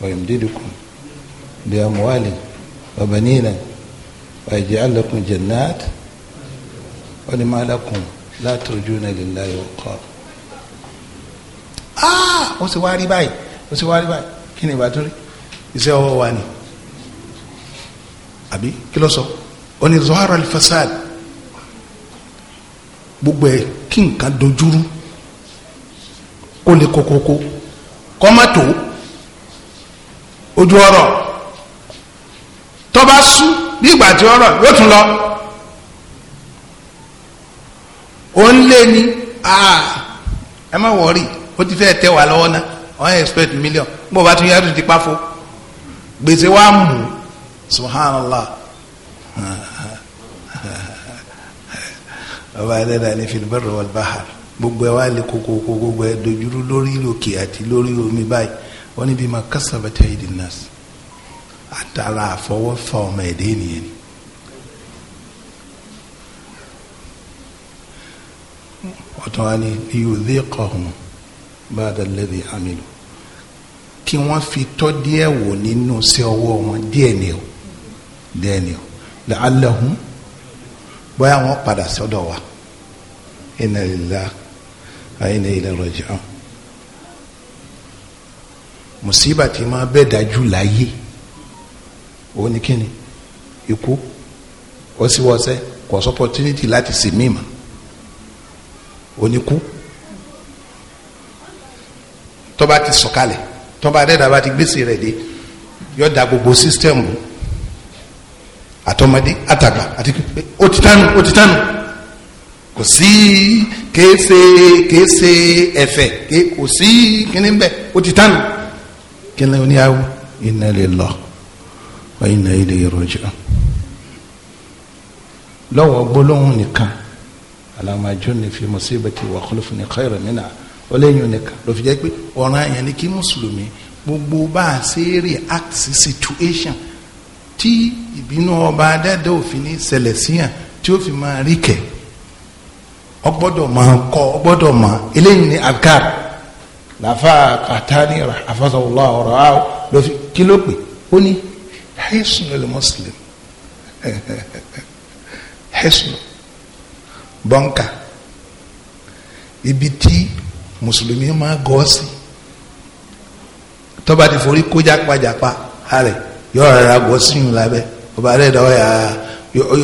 wa yamdidukum bi amwalin. وبنينا ويجعل لكم جنات ولما لكم لا ترجون لله وقارا ah ó sì wá rí báyìí ó sì wá rí báyìí kí ni ìbátúrí iṣẹ́ ọwọ́ wa ni àbí kí ló sọ ó ní zohara alfasad gbogbo ẹ kí nǹkan dojúrú kó lè kokoko kọ́mọ́tò ojú ọ̀rọ̀ tọ́ba sú bí ìgbà tí ọ̀rọ̀ yóò tún lọ ó ń lé ní ẹ má wọrí ó ti fẹ́ tẹ wà lọ́wọ́ náà ọ̀hún expect million bó bá tún yá tún ti páfó gbèsè wa mú subhanallah ọba adẹ́dà ní filibar wal bahar gbogbo ẹ wá lè kókókó gbogbo ẹ dojúrú lórí òkè àti lórí omi báyìí wọ́n níbi ma kásábàtà ìdí nọ́ọ̀sì àtàrà àfọwọ́fà ọmọ ẹ̀dá ènìyàn ni. ọ̀tún wa ni yòòdì kọ̀ọ̀hún bá a dàlẹ́bi àmìlú kí wọ́n fi tọ́ díẹ̀ wò nínú sí ọwọ́ wọn díẹ̀ ni o díẹ̀ ni o bóyá wọ́n padà sọ́dọ̀ wa inna lillahi wa inna ilayhi raji'un mùsíbà tí máa bẹ́ẹ̀ dájú láyé òun ni kíni o si kò sọ opportunity láti sì mí mọ́ oníkú tọ́ba ti sọ̀kalẹ̀ tọ́ba adẹ́dàá bá ti gbèsè rẹ̀ dé yọ da gbogbo sísítẹ́ẹ̀mù àtọmọdé àtàgbà àti ó ti tánu ó ti tánu kò sí kéésè kéésè ẹ̀fẹ̀ kò sí kíní bẹ́ẹ̀ ó ti tánu kíní oníyàwó iná lọ wa inna ilayhi raji'un lọ́wọ́ gbólóhùn nìkan alamajo ni fi musibati wa khulufni khayra minha ó léyìn nìkan ló fi jẹ́ pé ọ̀ràn yẹn ni kí mùsùlùmí gbogbo bá a ṣe react situation tí ìbínú ọba adájọ́ òfin ní ṣẹlẹ̀ tí ó fi máa rí kẹ̀ ọ máa kọ́ ọ máa eléyìí ni abkar làfà kàtàní àfàsọ̀wọ́lá ọ̀rọ̀ àwọ̀ ló fi kí ló pè ó ní حسن المسلم حسن bọ́ńkà ibi tí mùsùlùmí máa gọ́ sí tọ́ba ti forí kójá pàjápa àrẹ yọ rárá gọ́ síyùn lábẹ́ ọba rẹ̀ dọ́ yà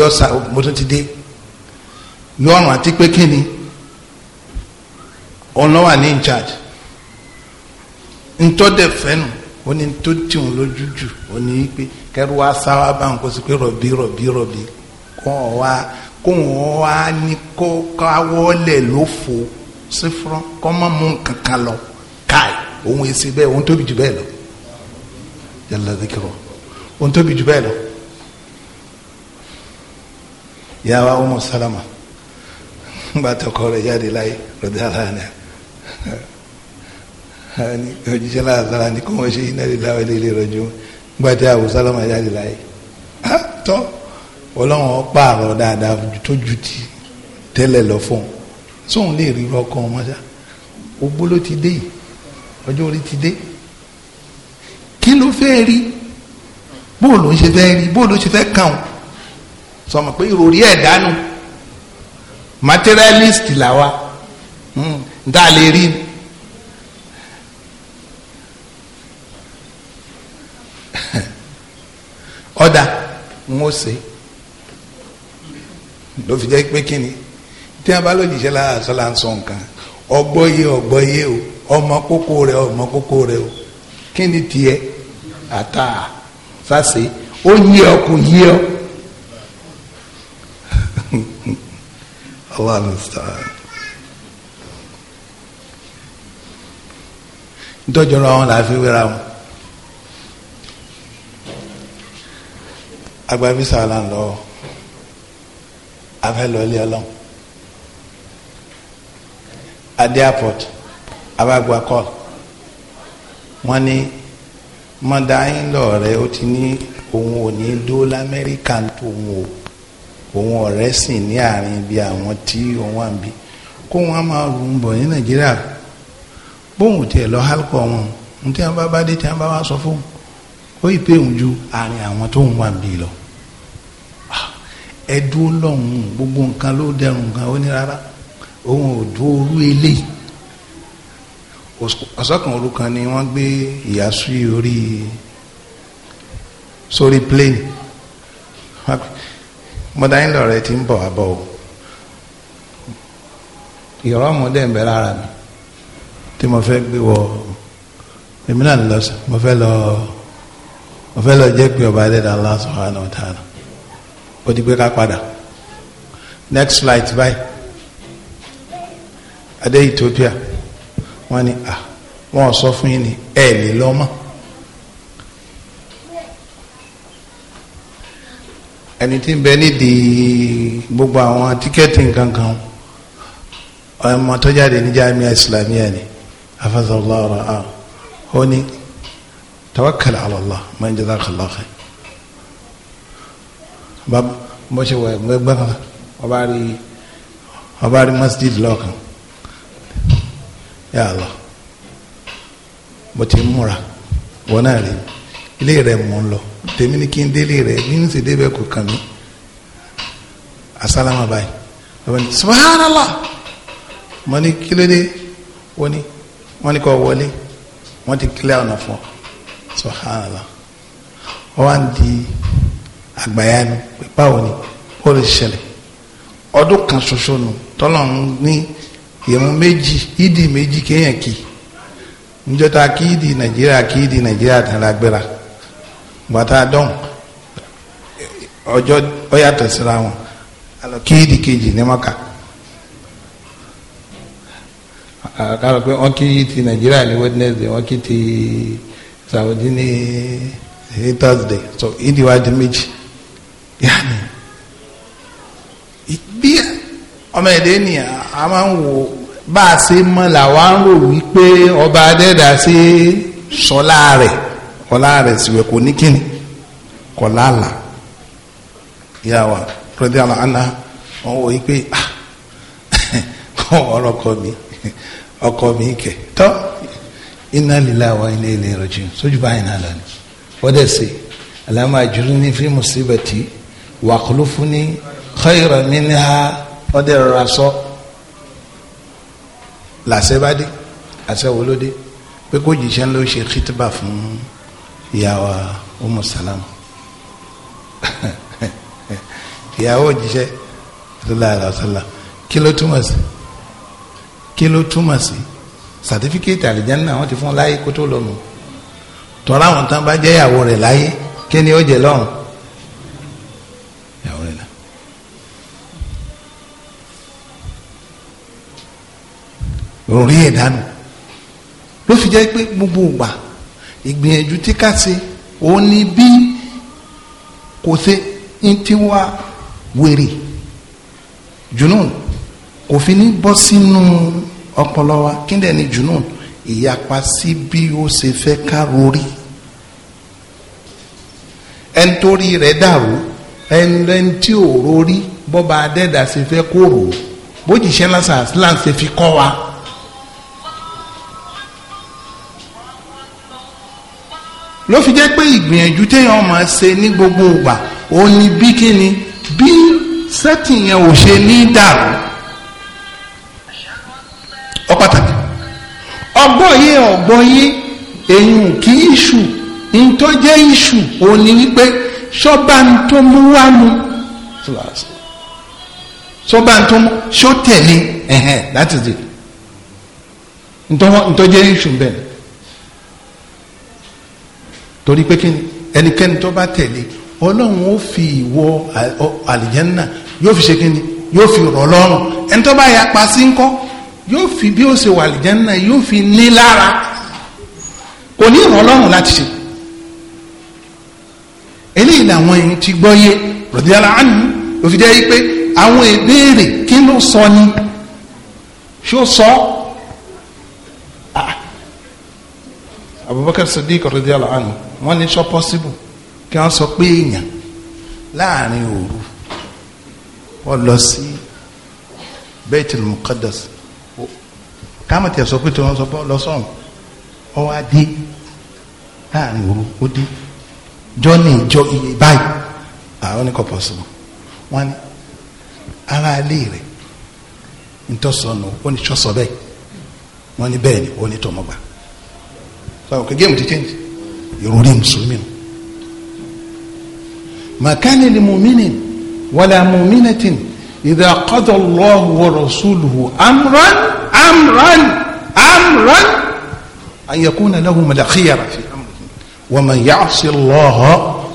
yọ sa mo tún ti dé lọ́rùn àti pé kí ni ọ̀nà wà ní in charge ntọ́ dẹ̀ fẹ́ nù ó ní tó tì wọn lójú jù ó ní pé kẹrù wa sáwá bá wọn kó sì pé rọ̀bì rọ̀bì rọ̀bì kó wọn wá kó wọn wá ní kó káwọ́lẹ̀ ló fò sífúrọ́ kó má mú kankan lọ káì òun èsì bẹ́ẹ̀ òun tóbi jù bẹ́ẹ̀ lọ yàrá dìkìrọ̀ òun tóbi jù bẹ́ẹ̀ lọ yàrá ọmọ sálámà ńgbà tọkọ rẹ̀ jáde láyé rọ̀dí àlàyé náà òjíṣẹ́ náà sára ní kí wọ́n ṣe iná lílá wọlé ilé rọ̀jò gbàtí àwòsálọ́mà jáde láyé tọ́ ọlọ́run pààrọ̀ dáadáa tó ju ti tẹ́lẹ̀ lọ fún un sóun lè rí ọkàn wọn ṣá ogbó ló ti dé ọjọ́ orí ti dé kí ló fẹ́ rí bóòlù ń ṣe fẹ́ rí bóòlù ń ṣe fẹ́ kàn ọ́ sọmọ pé ìròrí ẹ̀ dánú materialist làwa hmm, n ta lè rí ni ọ̀dà ń ó ṣe ló fi jẹ́ pé kíni tí a bá lójijì lára sọ́la ń sọ nǹkan ọgbọ́yé ọgbọ́yé o ọmọ kókó rẹ ọmọ kókó rẹ o kíni tiẹ̀ àtà sase ó yí ọ kò yí ọ. Allah understand. ntọ́jọ́ra wọn làá fi wéra wọn. agbábísà là ń lọ afẹ́ lọ ilé ọlọ́run adé airport abagba call wọ́n ní mọ́dáyín lọ́ọ̀rẹ́ ó ti ní òun ò ní dó lamẹ́ríkà tóun o òun ọ̀rẹ́ sì ní àárín bí àwọn tí òun wà ń bí kó wọn máa rù ú bọ̀ ní nàìjíríà bóun tiẹ̀ lọ hálùkọ̀ wọn ní tí wọn bá bá dé tí wọn bá wá sọ fóun ó yí pé òun ju àárín àwọn tó ń wà bí lọ ah, ẹdúró lọ́hùn gbogbo nǹkan ló dẹrùn nǹkan ó ní rárá òun ò dúró orú eléyìí ọ̀sọ́kan orúkan ni wọ́n gbé ìyàsú orí sórí plane mọ́dáyínlọ rẹ ti ń bọ̀ abọ́ o ìrọ̀ ọmọdé ń bẹ lára mi tí mo fẹ́ gbé wọ èmi náà lọ sí mo fẹ́ lọ. Lo ọ̀fẹ́ lọ jẹ́ pé ọba ẹlẹ́dàá Allah subhanahu wa ta'ala ó di pé ká padà next flight bye. adé Ethiopia wọ́n ní à wọ́n sọ fún yín ní ẹ̀ lè lọ́mọ́ ẹni tí ń bẹ nídìí gbogbo àwọn tíkẹ́ẹ̀tì nkankan ọmọ tó jáde ní Jamia Islamia ni afasọ̀lọ́ọ̀rọ̀ ah ó ní tawakkal ala Allah máa ń jẹ́ dáhùn kàlọ́ọ̀kẹ́ bá bó ṣe wọ̀ ẹ̀gbẹ́ gbẹ́ kan ọba rí ọba rí masjid lọ́ọ̀kan ya Allah mo ti múra wọn náà rí ilé rẹ mò ń lọ tèmi ni kí n délé rẹ bí n sì débẹ̀ kò kàn mí asálámà báyìí ọba ní subhanallah mo ní kílódé wọ́n ní wọ́n ní kọ́ wọlé wọ́n ti kílẹ̀ ọ̀nà fún ọ subhanallah wọ́n wá ń di àgbàyanu pé báwo ni ó lè ṣẹlẹ̀ ọdún kan ṣoṣo nù tọ́lọ̀ ń ní ìrun méjì ìdí méjì kéèyàn kì níjọta kí ìdí nàìjíríà kí ìdí nàìjíríà tán la gbéra bàtà dọ́hùn ọjọ́ ọ yàtọ̀ síra wọn alọ kí ìdí kejì ní mọ́kà kálọ̀ pé wọ́n kí ti nàìjíríà ní wednesday wọ́n kí ti. saudi ní thursday so idi wájú méjì yanni bí ọmọ èdè nìyà a máa ń wò bá a ṣe mọ làwa ń rò wípé ọba adẹ́dà ṣe sọlá rẹ̀ ọlá rẹ̀ síwẹ̀ kò ní kíni kò lálàá ìyàwó rẹ̀dí àlọ́ àná wọn wò wípé ah, ọ̀rọ̀ mi ọkọ mi inna lillahi wa inna ilayhi raji'un sójú báyìí náà lọ ni wọ́n dẹ̀ sè allahumma ajurni fi musibati wa akhlufni khayran minha wọ́n dẹ̀ rọra sọ làṣẹ bá dé àṣẹ wo ló dé pé kó jìṣẹ́ ló ṣe kìtìbà fún ìyàwó sallallahu alaihi wasallam kí ló túmọ̀ sí sàtífíkẹ́tì àlìjáná wọn ti fún láyé kó tó lọ́nu tọ́lá àwọn tán bá jẹ́ ìyàwó rẹ̀ láyé kí ni ó jẹ lọ́run ìyàwó rẹ̀ náà. orí ẹ̀ dànù ló fi jẹ́ pé gbogbo ìgbà ìgbìyànjú tí ká ṣe òun ni bí kò ṣe ń ti wá wèrè jùlọ kò fi ní bọ́ sínú. No ọpọlọ wa kí ni ẹni jù náà ìyapa sí bí ó ṣe fẹ́ ká rori ẹni tó rí rẹ̀ dàrú ẹni tí ò rori bọ́ba adẹ́dà ṣe fẹ́ kó rò ó bójìṣẹ́ lásán àṣìlá ṣe fi kọ́ wa. ló fi jẹ́ pé ìgbìyànjú téèyàn máa ṣe ní gbogbo ìgbà ó ní bí kíni bí sẹ́tìyàn ò ṣe ní dàrú. ọgbọ́yé ọgbọ́yé èyàn kì í ṣù ní tó jẹ́ ìṣù òun ni wípé ṣọ́ba ń tó mú wá mu ṣọ́ba ń tó mú ṣó tẹ̀lé ẹ̀hẹ̀ that is it ntọ́ jẹ́ ìṣù bẹ́ẹ̀ torí pé kí ẹnikẹ́ni tó bá tẹ̀lé ọlọ́run ó fi ìwọ àlìjẹ́nnà yóò fi ṣe kí ni yóò fi rọ̀ lọ́rùn ẹni tó bá yà pa sí ńkọ́ yóò fi bí ó ṣe wà àlìjánná yóò fi ní lára kò ní ìwọ ọlọ́run láti ṣe eléyìí làwọn èèyàn ti gbọ́ yé rọ̀díàlà ánú ló fi jẹ́ yí pé àwọn ìbéèrè kí ló sọ ni ṣó sọ Abubakar Sadiq rọ̀díàlà ánú wọ́n ní sọ possible kí wọ́n sọ pé èèyàn láàrin òru wọ́n lọ sí Baitul Muqaddas káàmù tẹ̀ sọ pé tí wọ́n sọ pé lọ́sọ̀rùn ọ wá dé láàrin òru ó dé jọ́ni ìjọ iye báyìí àwọn oníkọ̀ pọ̀sibú wọ́n ní ara ilé rẹ̀ ntọ́sọ̀nù oníṣọ́sọ bẹ́ẹ̀ wọ́n ní bẹ́ẹ̀ ni onítọ̀mọ́gbà sọ pé géèmù ti change ìròrí mùsùlùmí nù màkánìlì mùmínì wàlà mùmínàtìnì. إذا قضى الله ورسوله أمرا أمرا أمرا أن يكون لهم الخيرة في أمره ومن يعص الله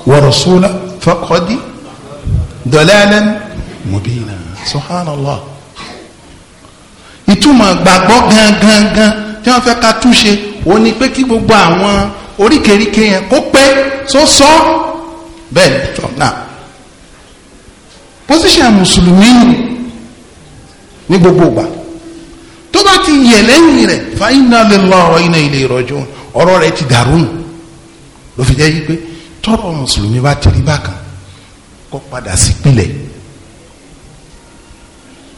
ورسوله فقد ضلالا مبينا سبحان الله ìtumọ̀ gbàgbọ́ gangan tí wọ́n fẹ́ ká túnṣe òun ni pé kí gbogbo àwọn oríkèéríkèé yẹn kó pé só bẹ́ẹ̀ ni tọ́ náà pọ́síṣàn mùsùlùmí ní gbogbo ìgbà tó bá ti yẹ lẹ́yìn rẹ̀ fa inna lillahi wa inna ilayhi raji'un ọ̀rọ̀ rẹ̀ ti dàrú nù ló fi jẹ́ yí pé tọ́rọ̀ mùsùlùmí bá ti rí bákan kó padà sí pilẹ̀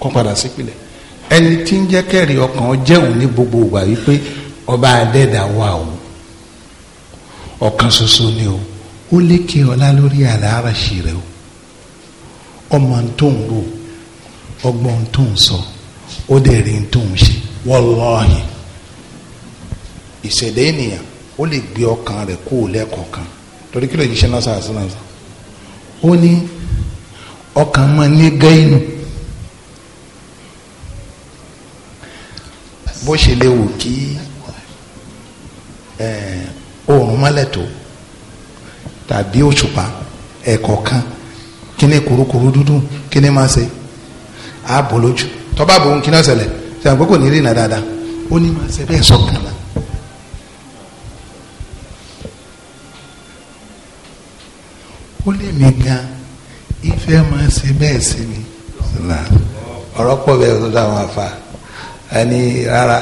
kó padà sí pilẹ̀ ẹni tí ń jẹ́ kẹ́rì ọkàn jẹ́wò ní gbogbo ìgbà yí pé ọba adẹ́dà wà o ọ̀kan ṣoṣo ni o ó lékè ọlá lórí àlàáràṣì rẹ o ọmọ tó ń ro ọgbọ́n tó ń sọ ó dẹ̀ rí tó ń ṣe wọ́lọ́ọ̀hìn ìṣẹ̀dẹ̀ ènìyàn ó lè gbé ọkàn rẹ̀ kó o lẹ́kọ̀ọ́ kan torí kí ló yìí ṣe náà sáà sínú àṣà ó ní ọkàn máa ní gẹ́yìnù bó ṣe lè wò kí oòrùn mọ́lẹ̀ tó tàbí òṣùpá ẹ̀kọ̀ọ̀kan kíní kurukuru dudu kíní máa ṣe á bò lójú tọ́ba bò ń kíní ọ̀sẹ̀lẹ̀ ṣe àgbẹ̀ kò ní rí iná dáadáa ó ní máa ṣe bẹ́ẹ̀ sọ́kàn náà. ó lè mí gan ìfẹ́ máa ṣe bẹ́ẹ̀ sí mi ọ̀rọ̀ pọ̀ bẹ́ẹ̀ tó dáhùn àfa ẹni rárá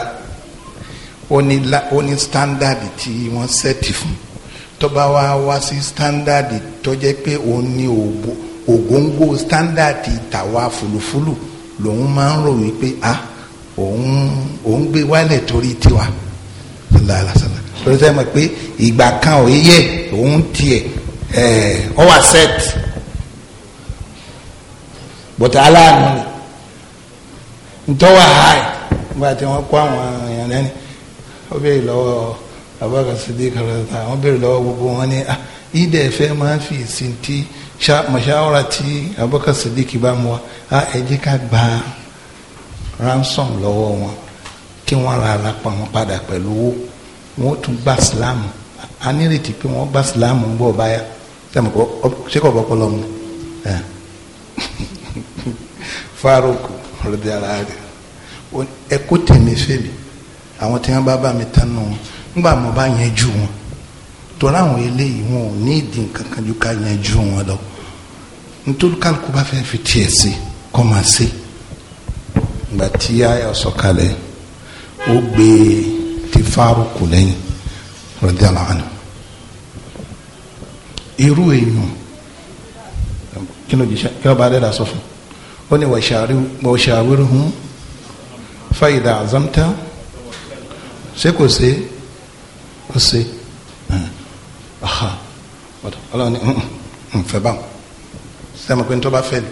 ó ní ó ní sítándàdì tí wọ́n ṣẹ́ẹ̀tì fún wa wá sí sítándàdì tó jẹ́ pé òun ní ògóńgó sítándàtì tàwa fùlùfùlù lòun máa ń rò wípé a òun òun gbé wálẹ̀ torí tiwa sallallahu alaihi wasallam lórí sẹ́yìn mọ̀ pé ìgbà kan ò yẹ òun tiẹ̀ ẹ̀ ọ wà set bọ̀tà aláàánú ni ntọ́wà háì nígbà tí wọ́n kó àwọn èèyàn lẹ́nu wọ́n béèrè lọ́wọ́ abakasidi kàrọ̀tà wọ́n béèrè lọ́wọ́ gbogbo wọn ní ah ìdẹ̀fẹ́ máa ń fi ìsìn tí mọ̀ṣáwọ́ra tí abubakar siddiq bá mu wa a ẹ jẹ́ ká gba ransom lọ́wọ́ wọn kí wọ́n ra alápá wọn padà pẹ̀lú owó wọ́n tún gba sílámù a nírètí pé wọ́n gba sílámù ń bọ̀ báyà ṣé kò bọ́pọ̀ lọ́mú Farouk rẹ̀ ara rẹ̀ ẹ kó tèmi fèmí àwọn tí wọ́n bá bá mi tánú wọn nígbà mo bá yẹn jù wọn torí àwọn eléyìí wọn ò ní ìdí nǹkan kan ju ká yanjú wọn lọ nítorí kálukú bá fẹ́ fi tiẹ̀ sí kọ́ máa sí ìgbà tí ayọ̀ sọ̀kalẹ̀ ó gbé ti fárúkù lẹ́yìn radiyallahu anhu irú èèyàn kí ló jíṣẹ́ kí wọ́n bá dẹ́dà sọ fún ó ní washawiruhum fa idha azamta ṣé kò ṣe ó ṣe ọlọ́run ni nfẹ́ mm, mm, mm, bá wọn sẹ́mi pé nítorí bá fẹ́ ni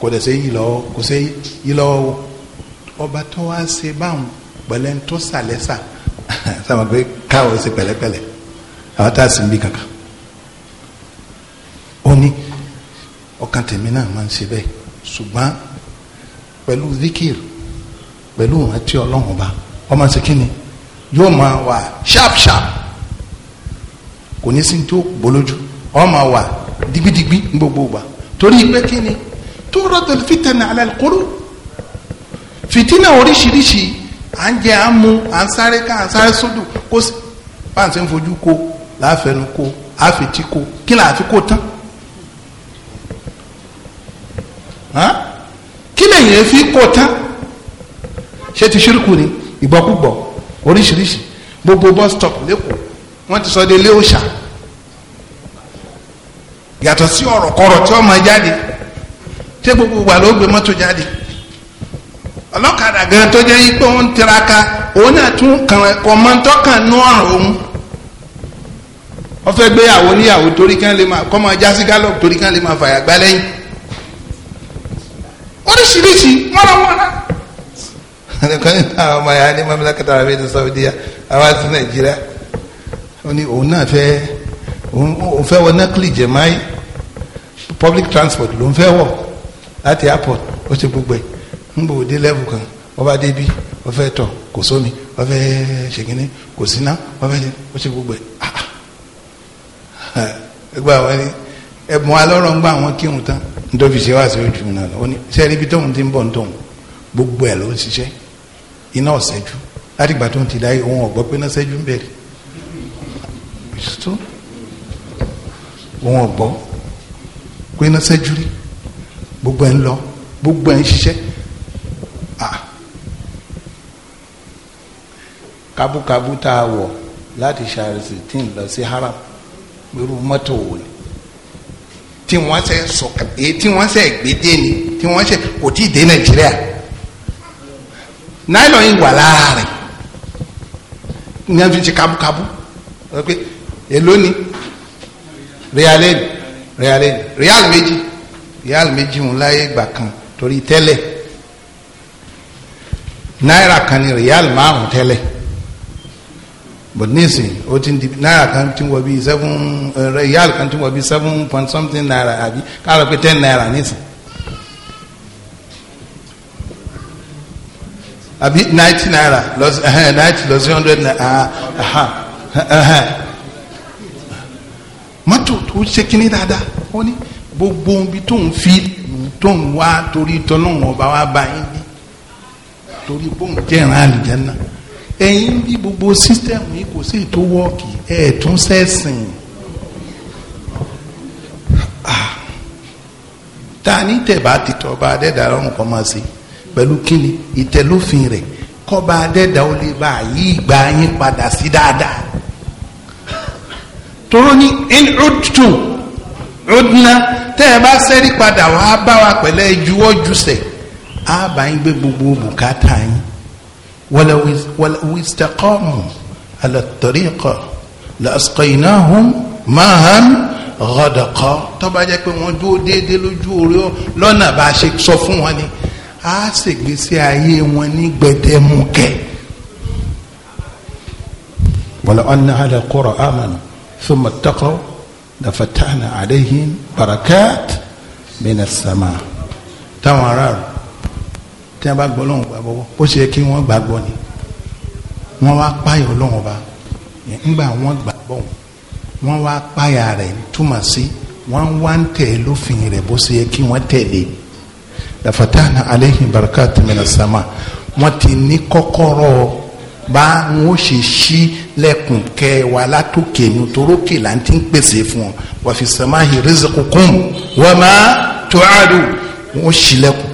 kò dẹ̀ sẹ́ yí lọ́wọ́ kò sẹ́ yí lọ́wọ́ ọba tó wá ṣe báwọn pẹ̀lẹ́ ń tó sàlẹ́sà sẹ́mi pé káwọ́ ṣe pẹ̀lẹ́pẹ̀lẹ́ àwọn tá a sì ń bí kankan ó ní ọkàn tèmi náà máa ń ṣe bẹ́ẹ̀ ṣùgbọ́n zikir pẹ̀lú ìrántí ọlọ́run ọba ọmọ ṣe kí ni yóò sharp sharp kò ní sí bolójú ọ máa wà digbidigbi gbogbo gbà torí pé kí ni turatul fitna ala alqulub fìtínà oríṣiríṣi à ń jẹ à ń mu à ń sáré ká à ń sáré sódò kó bá ko láàfẹnu ko àfẹtí ko kí là fi kó tán kí lèyìn fi kó tán ti wọ́n ti sọ de ilé òòṣà yàtọ̀ sí ọ̀rọ̀ kọ̀rọ̀ tí wọ́n máa jáde tí gbogbo wa ló gbé mọ́tò jáde ọlọ́kadà gan tó jẹ́ pé ó tiraka òun náà tún kọ̀mọ́ntọ́ kan nú ọ̀rọ̀ òun wọ́n fẹ́ gbéyàwó níyàwó torí kán lè máa kọ́mọ jásí gallop torí kán lè máa fàyà gbá lẹ́yìn oríṣiríṣi mọ́nàmọ́ná. ẹnìkan ní àwọn ọmọ yàrá ní mamlakata arabi ní Saudiya àwọn àti Nàìjíríà ó ní òun náà fẹ́ òun fẹ́ wọ nẹ́kìlì jẹ̀máì public transport ló ń fẹ́ wọ̀ láti airport ó ṣe gbogbo ẹ̀ ń bò level kan wọ́n bá débi wọ́n fẹ́ tọ̀ kò sómi wọ́n fẹ́ ṣèkínní kò síná wọ́n fẹ́ ó ṣe gbogbo ẹ̀ ah, ah, ẹgbẹ́ àwọn ẹni ẹ̀bùn alọ́rọ̀ ń gbà wọ́n kírun tán nítorí ṣe wá sí ojú náà lọ ní sẹ́ni ibi tóun ti ń bọ̀ ń gbogbo ẹ̀ ló ń ṣiṣẹ́ iná ọ̀sẹ́jú láti ìgbà tóun ti dáyé òun ọ̀gbọ́ pé náà ṣẹ́jú ń bẹ̀rẹ̀ Kristo òun ọ̀gbọ́ pé iná sẹ́jú rí gbogbo ẹ̀ ń lọ gbogbo ẹ̀ ń ṣiṣẹ́ kábúkábú tá a wọ̀ láti ṣàrìsì tí ń lọ sí haram irú mọ́tò wò ni tí wọ́n ṣe sọ̀kà èyí tí wọ́n ṣe gbédè ni tí wọ́n ṣe kò tí ì dé Nàìjíríà náírà yìí wà lára rẹ̀ ní wọ́n fi ṣe kábúkábú wọ́n pe èló ni realen realen real méjì real méjì ń láyé gbà kan torí tẹ́lẹ̀ náírà kan ni real márùn tẹ́lẹ̀ but nísìn o ti di náírà kan ti wọ bí seven eh, real kan ti wọ bí seven point something naira àbí ká lọ pé ten naira nísìn. àbí ninety naira lọ sí eh, ninety lọ sí hundred naira mọ́tò tó ṣe kínní dáadáa ó ní gbogbo ibi tó ń fi tó ń wá torí tọ́lọ́hún ọba wa bá yín bí torí bóun jẹ́ràn àlìjẹ́nà ẹ̀yin bí gbogbo sísítẹ́ẹ̀mù yìí kò sí ètò wọ́ọ̀kì ẹ̀ tún sẹ́sìn ta ní tẹ̀bá ti tọ́ba adẹ́dàá lọ́rùn kan máa ṣe pẹ̀lú kíni ìtẹ̀lófin rẹ̀ kọ́ba adẹ́dàá ó lè bá yí ìgbà yín padà sí dáadáa tóró ní in udtu udna tẹ́ ẹ bá sẹ́rí padà wá bá wa pẹ̀lẹ́ juwọ́ jùsẹ̀ á bá yín gbé gbogbo bùkátà yín walaw istaqamu ala tariqa la asqaynahum ma'an ghadaqa jẹ́ pé wọ́n dúró déédéé lójú orí lọ́nà bá a ṣe sọ fún wọn ni á ṣègbésí ayé wọn ní gbẹdẹmukẹ. wala anna ala qura amanu. ثم اتقوا لفتحنا عليهم بركات من السماء táwọn aráàlú tí wọn bá gbọ́ lọ́wọ́ gbàgbọ́ bó ṣe yẹ kí wọ́n gbàgbọ́ ni wọ́n wá páyọ̀ lọ́wọ́ bá ńgbà wọ́n gbàgbọ́ wọ́n wá páyà rẹ̀ túmọ̀ sí wọ́n wá ń tẹ̀ lófin rẹ̀ bó ṣe yẹ kí wọ́n tẹ̀lé lafatahna aleyhim barakat minasama wọ́n ti ní kọ́kọ́rọ́ bá wọn ṣe ṣí lẹ́kùn kẹwàá látòkè ní torókè là ń ti ń pèsè fún ọ wà fi sàmáhì rizqukum wa ma tu'adu wọn ṣí lẹ́kùn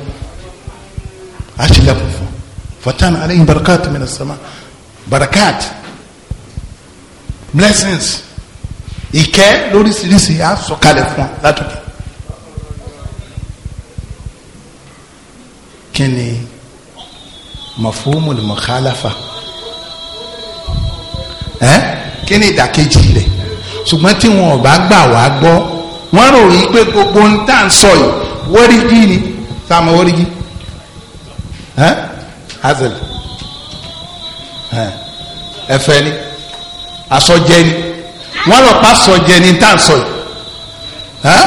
á ṣí lẹ́kùn fún fatan aleyhi barakat minas sama barakat blessings ìkẹ́ lóríṣiríṣi á sọ̀kalẹ̀ fún ọ látòkè. kí ni mafhumul mukhalafa ẹ kí ni ìdàkejì rẹ̀ ṣùgbọ́n tí wọn ò bá gbà wá gbọ́ wọ́n rò yí pé gbogbo ń tà ń sọ yìí wọ́rígì ni sáàmù wọ́rígì ẹ hazel ẹ ẹfẹ ni asọjẹ ni wọ́n lọ pa sọjẹ ni tà ń sọ yìí ẹ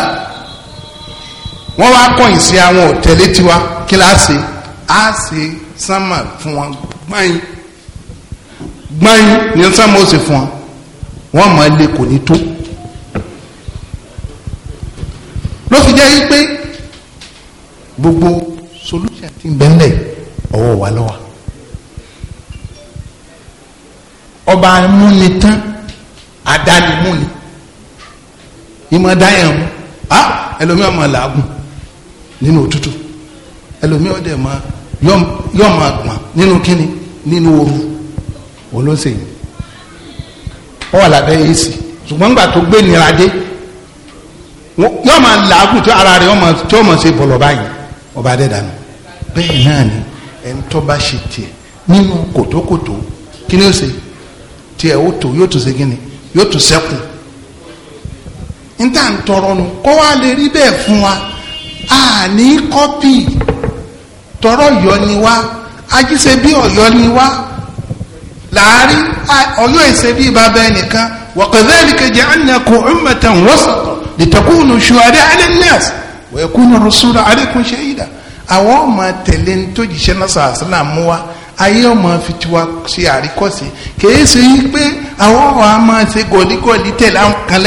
wọ́n wá kọ̀yìn sí àwọn òtẹ́lẹ̀ tiwa kíláàsì á sì sánmà fún wọn gbọ́n gbọ́n ni sọ́mọ́ ó sì fún ọ wọ́n mọ̀ lé kò ní ló fi jẹ́ yí pé gbogbo solution ti ń bẹ́ ńlẹ̀ ọwọ́ wa lọ́wọ́ ọba amúnitán adánimúni ìmọ̀ dáyàn mú a ẹlòmíì ọmọ làágùn nínú òtútù ẹlòmíì ọdẹ mọ yọmọ àgbọn nínú kíni nínú ooru òun ló ó wà lábẹ́ èsì ṣùgbọ́n nígbà tó gbé nira dé yóò máa làágùn tó ara rẹ̀ tí máa ṣe bọ̀lọ̀ báyìí ọba adẹ́dàánú bẹ́ẹ̀ náà ni ẹni bá ṣe tiẹ̀ nínú kòtòkòtò kí ni ó ṣe tiẹ̀ ó tó yóò ṣe kí ni yóò ṣẹ́kù níta ń tọrọ nu kó lè wa a ní kọ́pì tọrọ yọ ni láàrin ọ̀yọ́ èsè bí bàbá ẹnìkan wa kadhalika ja'alnakum ummatan wasatan litakunu shuhada'a 'ala an-nas wa yakuna ar-rasulu 'alaykum shahida àwọn ọmọ tẹ̀lé tó jíṣẹ́ náà sàásìlà mú wa ayé ọmọ fi ṣe àríkọ́sí kìí ṣe pé àwọn ọmọ a ṣe gọ̀lígọ̀lí tẹ̀lé àwọn kan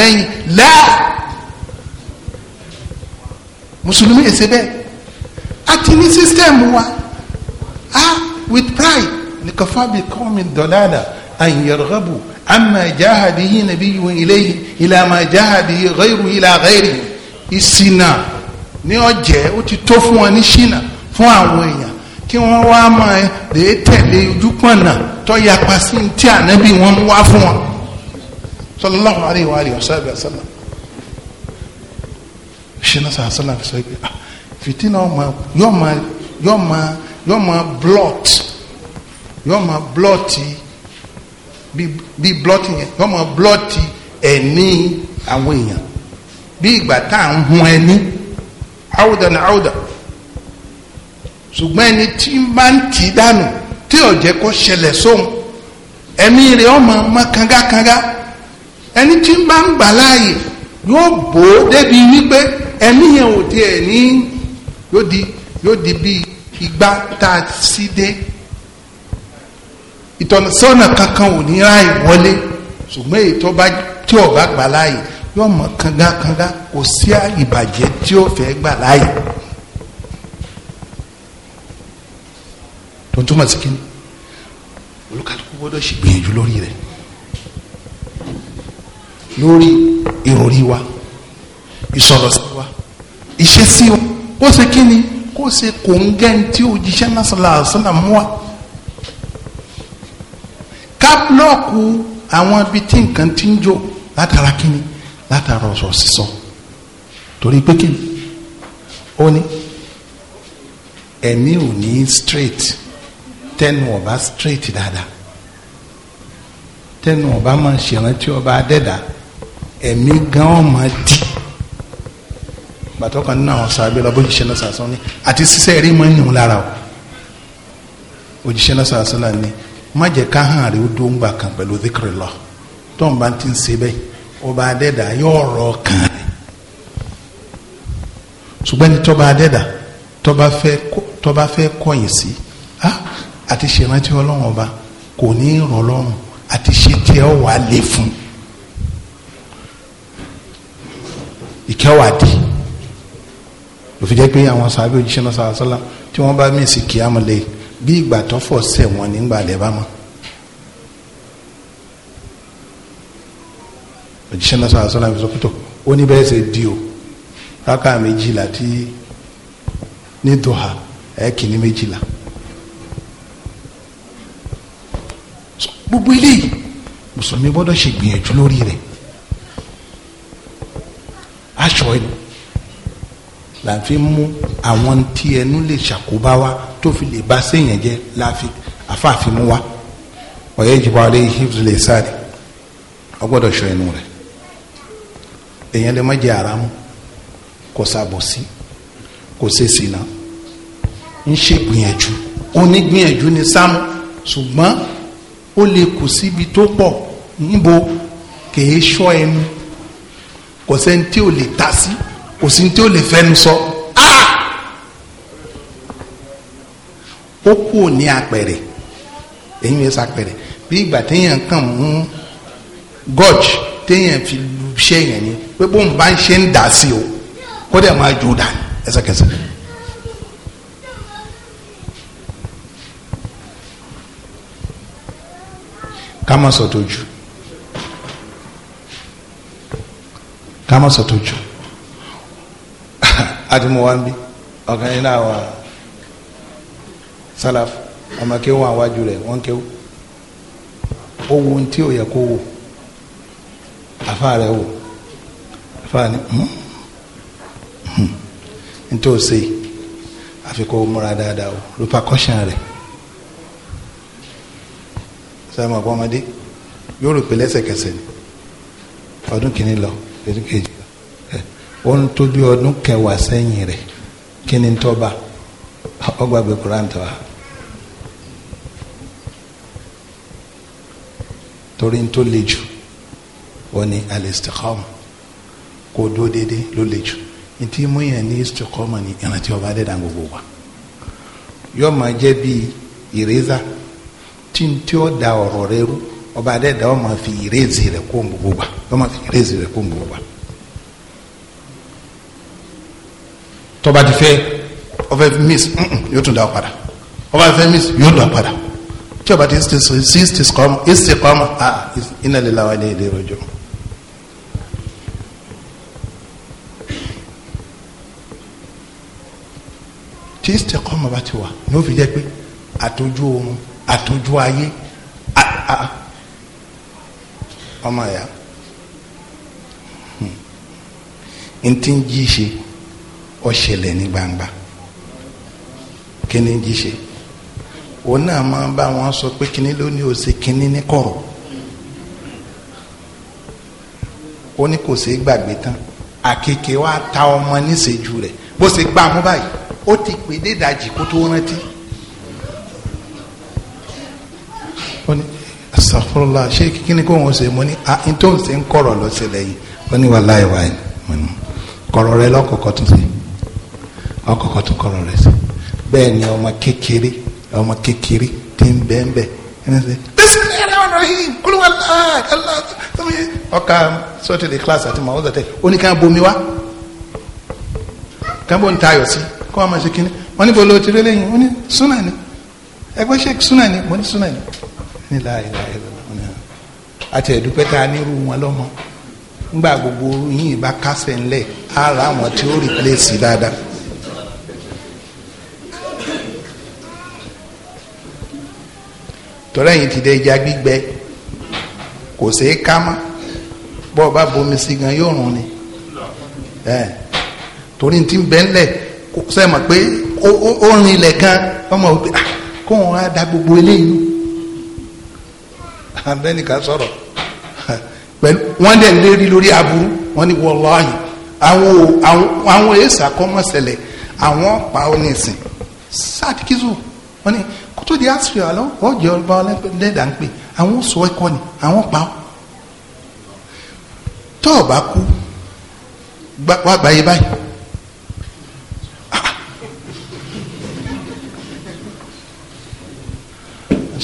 mùsùlùmí èsè bẹ́ẹ̀ a ní sísítẹ́ẹ̀mù wa ah with pride لكفى بقوم الضلالة أن يرغبوا عما جاه به نبي إليه إلى ما جاه به غيره إلى غيره ìṣìnà ní ọ̀jẹ̀ ó ti tó fún wọn ní ṣìnà fún àwọn èèyàn kí wọ́n wá máa lè tẹ̀lé ojúpọ̀nà tó yapa sí tí ànábì wọn mú wá fún wọn sallallahu alayhi wa alihi wa sallam ṣìnà sàlásàlà fi sọ pé ah, fìtínà yóò máa yóò blot yọma blọti blọ́ọ̀tì bí yẹn àwọn èèyàn bí ìgbà tá à ń hun ẹni áwùdà na áwùdà ṣùgbọ́n ẹni tí máa ń tì í dànù tí ò jẹ́ ṣẹlẹ̀ sóhun ẹ̀mí rẹ̀ ọmọ ma kangakanga ẹni tí ń gbà láàyè débi wípé ẹ̀mí di yóò di bíi tá ìtọ́nisọ́nà kankan ò ní ráàyè wọlé ṣùgbọ́n ètò ọba tí ọba gbà láàyè yóò mọ kangakanga kò sí ìbàjẹ́ tí ó fẹ́ gbà láàyè. tó ń túmọ̀ sí kíni olùkàlùkù gbọ́dọ̀ ṣègbìyànjú lórí rẹ̀ lórí ìròrí wa ìsọ̀rọ̀ sí wa ìṣesí wa kó ṣe kíni kó ṣe kò ń gẹ́ ní tí òjíṣẹ́ náà sọ̀rọ̀ àṣọ náà mú wa kábúlọ́ọ̀kù àwọn ibi tí nǹkan ti ń jò látara kíni látara ọ̀sọ̀ sísọ torí pé kíni ó ní ẹ̀mí ò ní straight tẹnu ọba straight dáadáa tẹnu ọba máa ṣèrántí ọba adẹ́dàá ẹ̀mí gan ọmọ dì gbàtọ́ kan nínú àwọn sàbẹ̀ lọ bójúṣe náà sàṣọ ni àti sísẹ́ rí mọ́ ń yùn lára o òjíṣẹ́ náà sàṣọ náà ni má jẹ́ ká hàn rí odó ńgbà kan pẹ̀lú zikiri lọ tó ń bá ti ń ṣe bẹ́ẹ̀ ọba adẹ́dà yóò rọ kàn rẹ̀ ṣùgbọ́n ní tọ́ba adẹ́dà tọ́ba fẹ́ tọ́ba fẹ́ kọ̀yìn sí àti ṣèrántí ọlọ́run ọba kò ní í lọ́rùn àti ṣe tiẹ̀ wà lé fún ìkẹwàdì òfin jẹ́ pé àwọn sàbẹ̀ òjíṣẹ́ náà sàlá tí wọ́n bá mí sí kíámù lẹ́yìn bí ìgbà tó fọ̀ sẹ̀ wọ́n nígbà lẹ́ bá mọ́. òjíṣẹ́ náà sọ̀rọ̀ sọ́nà ìfisọ́ pító ó ní bẹ́ẹ̀ ṣe di o rákà méjìlá tí ní dùhà ẹ̀ kìíní méjìlá. gbogbo eléyìí mùsùlùmí gbọ́dọ̀ ṣègbìyànjú lórí rẹ̀ aṣọ ẹni la fi mú àwọn tí ẹnu lè ṣàkóbá wa tó fi lè bá séèyàn jẹ la fi àfààfin mú wa ọ̀yẹ́ ìjìbọn alẹ́ ìhìbìrì lè sáré ọgbọ́dọ̀ sọ ẹnu rẹ̀ èèyàn lè má jẹ àràmù kò sàbòsí kò ṣe sìnà ń ṣe gbìyànjú onígbìyànjú ni sámú ṣùgbọ́n ó lè kù síbi tó pọ̀ níbo kèé sọ ẹnu kò sẹ́ni tí ò lè ta sí. Si kò sí tí ó lè fẹ́nu sọ ó kú ní apẹ̀rẹ̀ èyí ń sapẹ̀rẹ̀ bí ìgbà téèyàn kàn mú gọ́ọ̀jì téèyàn fi lu iṣẹ́ yẹn ni pé bóun bá ń ṣe ń dà sí o kó dẹ̀ máa jò dà ẹsẹ̀kẹsẹ̀. ká má sọ tójú ká má sọ tójú àti mo wá ń bí ọ̀kan nínú àwọn sálàf ọmọ kéwù àwájú rẹ̀ wọ́n kéwù ó wo ohun tí yẹ kó wò àfa rẹ̀ wò àfa ni hmm? Hmm. n tó ṣe àfikún múra dáadáa o repercussion rẹ̀ sọ́yìn mọ̀ pọ́nmọdé yóò rò pé lẹ́sẹ̀kẹsẹ̀ ni ọdún kìíní lọ ọdún kejì ó ń tó bí ọdún kẹwàá sẹ́yìn rẹ̀ kí ni tó bá ọgbàgbé Quran tó wa torí ń tó le jù wọ́n ni, al-istiqama kó dúró déédéé ló le jù ní tí mo yàn ní istiqama ní ìrántí ọba dẹ́dà gbogbo wa yóò máa jẹ́ bíi ìrẹ́zà tí n tí ó da ọ̀rọ̀ rẹ rú ọba dẹ́dà ó máa fi ìrẹ́zì rẹ̀ kó gbogbo wa ó máa fi ìrẹ́zì rẹ̀ kó gbogbo wa. tọba ti fẹ́ ọfẹ miss yóò tún dá padà ọba fẹ́ miss yóò dá padà tí ọba ti sí ti kọ́mọ ìsì kọ́mọ ah inna lillahi wa inna ilayhi raji'un. tí ìsì kọ́mọ bá ti wà ní ó fi jẹ́ pé àtọ́jú oorun àtọ́jú ayé ọmọ ẹ̀yà hmm. ntí ń jí ṣe ó ṣẹlẹ̀ ní gbangba kíni jíṣe òun náà máa bá wọn sọ pé kíni ló ní òsè kíni ní kọ̀rọ̀ ó ní kò sí gbàgbé tán àkèké wa ta ọmọ níṣẹ́jú rẹ̀ bó ṣe gbá mú báyìí ó ti pè dé ìdajì kó tó rántí. ó ní asàfúrúlà ṣé kíni kó wọn ṣe mo ní à ah, ń ń ṣe ń kọ̀rọ̀ lọ́sẹ̀ ó ní wàhálà ìwà ẹ̀ kọ̀rọ̀ rẹ lọ́kọ̀ọ̀kan tó ṣe ọkọ̀ọ̀kan tó kọ̀rọ̀ rẹ̀ sí bẹ́ẹ̀ ni ọmọ kékeré ọmọ kékeré ti ń bẹ́ẹ̀ bẹ́ẹ̀ ẹni sẹ́ bísímìlì ọ̀nà yìí olúwa láàá ọkà sọ́tìlì kíláàsì àti màá ọ̀dọ̀tẹ̀ oníkà bomi wá kábọ̀ ń tayọ̀ sí kó wàá máa ṣe kínní wọ́n ní bolo ti rí lẹ́yìn wọ́n ní súnà ni ẹgbẹ́ ṣe súnà ni wọ́n ní súnà ni ní láàyè láàyè lọ́wọ́ àti ẹ̀dúpẹ́ tá a nírú wọn lọ́mọ ńgbà gbogbo yìnyín bá kásẹ̀ ńlẹ̀ á ra àwọn tí ó rìpléṣì dáadáa. tọ́lẹ́yìn ti dẹ ẹja gbígbẹ kò ṣeé ká bomi sí gan yóò rún ni torí ti ń bẹ́ ńlẹ̀ sẹ́mọ̀ pé ó rinlẹ̀ gan ọmọ òbí á da gbogbo eléyìí abẹ́nìkan sọ̀rọ̀ wọ́n dẹ̀ lérí lórí aburú àwọn àwọn àwọn tó di àsìkò àlọ́ ọ̀jẹ̀ ọba lẹ́dà ń pè àwọn sọ ẹ̀kọ́ ni àwọn pa ọ́ tó o bá kú wá báyé báyìí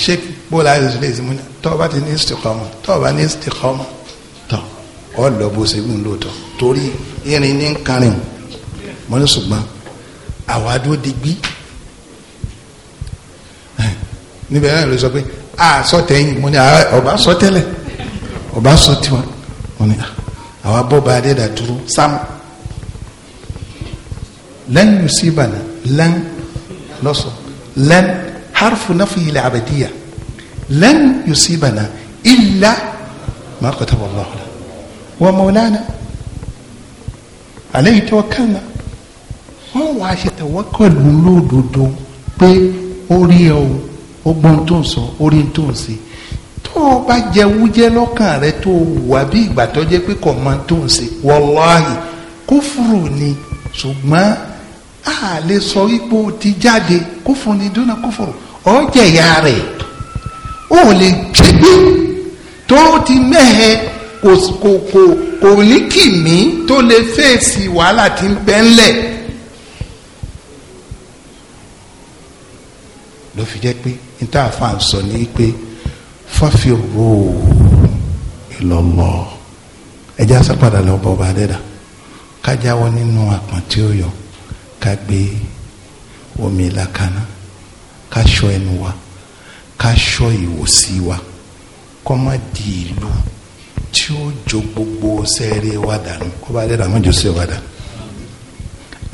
ṣé bóòlù àìsàn lè ṣe mú ni tó o bá ti ní ìsìkọ́mọ tó o bá ní ìsìkọ́mọ tó ọ lọ bó ṣe gùn lóòótọ́ torí irin ní ń kárin mọ́ àwa dúró digbí níbẹ̀ náà ló sọ pé a sọ tẹ̀yìn mo ní ọba sọ tẹ́lẹ̀ ọba sọ tiwa mo ní àwa bọ́ ba adé dàtúrú sam lẹ́n yusibana lẹ́n lọ́sọ̀ lẹ́n harfu nafi ilẹ̀ abadiya lẹ́n yusibana illa ma kataba Allahu lana wa mawlana alayhi tawakkalna wọ́n wá ṣe tawakkalu lódodo pé ó rí ẹ o ó gbọ́n tó ń sọ orí tó ń ṣe tó o bá jẹ wújẹ́ lọ́kàn rẹ tó o wà bí ìgbà tó jẹ́ pé kò mọ tó ń ṣe wọláhì kófùrù ni ṣùgbọ́n a lè sọ ipò ti jáde kófùrù ni dúnà kófùrù ọ jẹ̀yà rẹ̀ ó lè jẹ́gbé tó o ti mẹ́hẹ kò kò kò ní kìmí tó lè fèsì wàhálà tí ń ló fi jẹ́ pé níta àfáà sọ ní pé fáfiòrò ìlọ̀lọ̀ ẹja sápadà lọ bọ̀ ọba dẹ́dà kájáwọ́ nínú àpọ̀n tí ó yọ ká gbé omi làkàná ká ṣọ́ ẹnu wa ká ṣọ́ ìwòsí wa kọ́ má di ìlú tí ó jó gbogbo sẹ́ẹ̀rẹ́ wa dànù kọ́ bá má jó sẹ́ẹ̀ wa dànù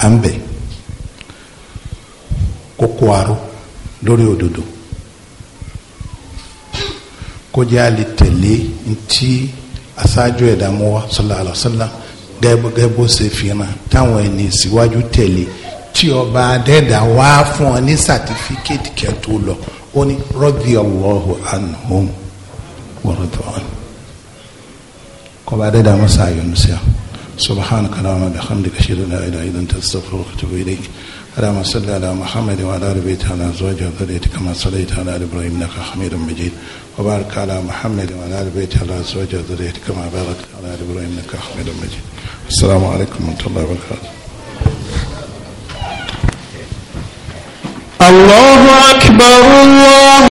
à ń bẹ̀ kókó aró lórí òdodo kó jẹ́ a lè tẹ̀lé ntí aṣáájú ẹ̀dá mú wa sallallahu alaihi wasallam gẹ́gẹ́ bó ṣe fi hàn táwọn ẹni síwájú tẹ̀lé tí ọba adẹ́dà wá fún ọ ní sàtífíkẹ́tì kẹtù lọ ó ní radiyallahu anhum wa radu anhu kọba adẹ́dà wọn sàyọ̀nù sí ọ subhanaka Allahumma wa bihamdika ashhadu an la ilaha illa anta astaghfiruka wa اللهم صل على محمد وعلى ال بيته وعلى ازواجه وذريته كما صليت على ال ابراهيم انك حميد مجيد وبارك على محمد وعلى ال بيته وعلى ازواجه وذريته كما باركت على ال ابراهيم انك حميد مجيد السلام عليكم ورحمه الله وبركاته الله اكبر الله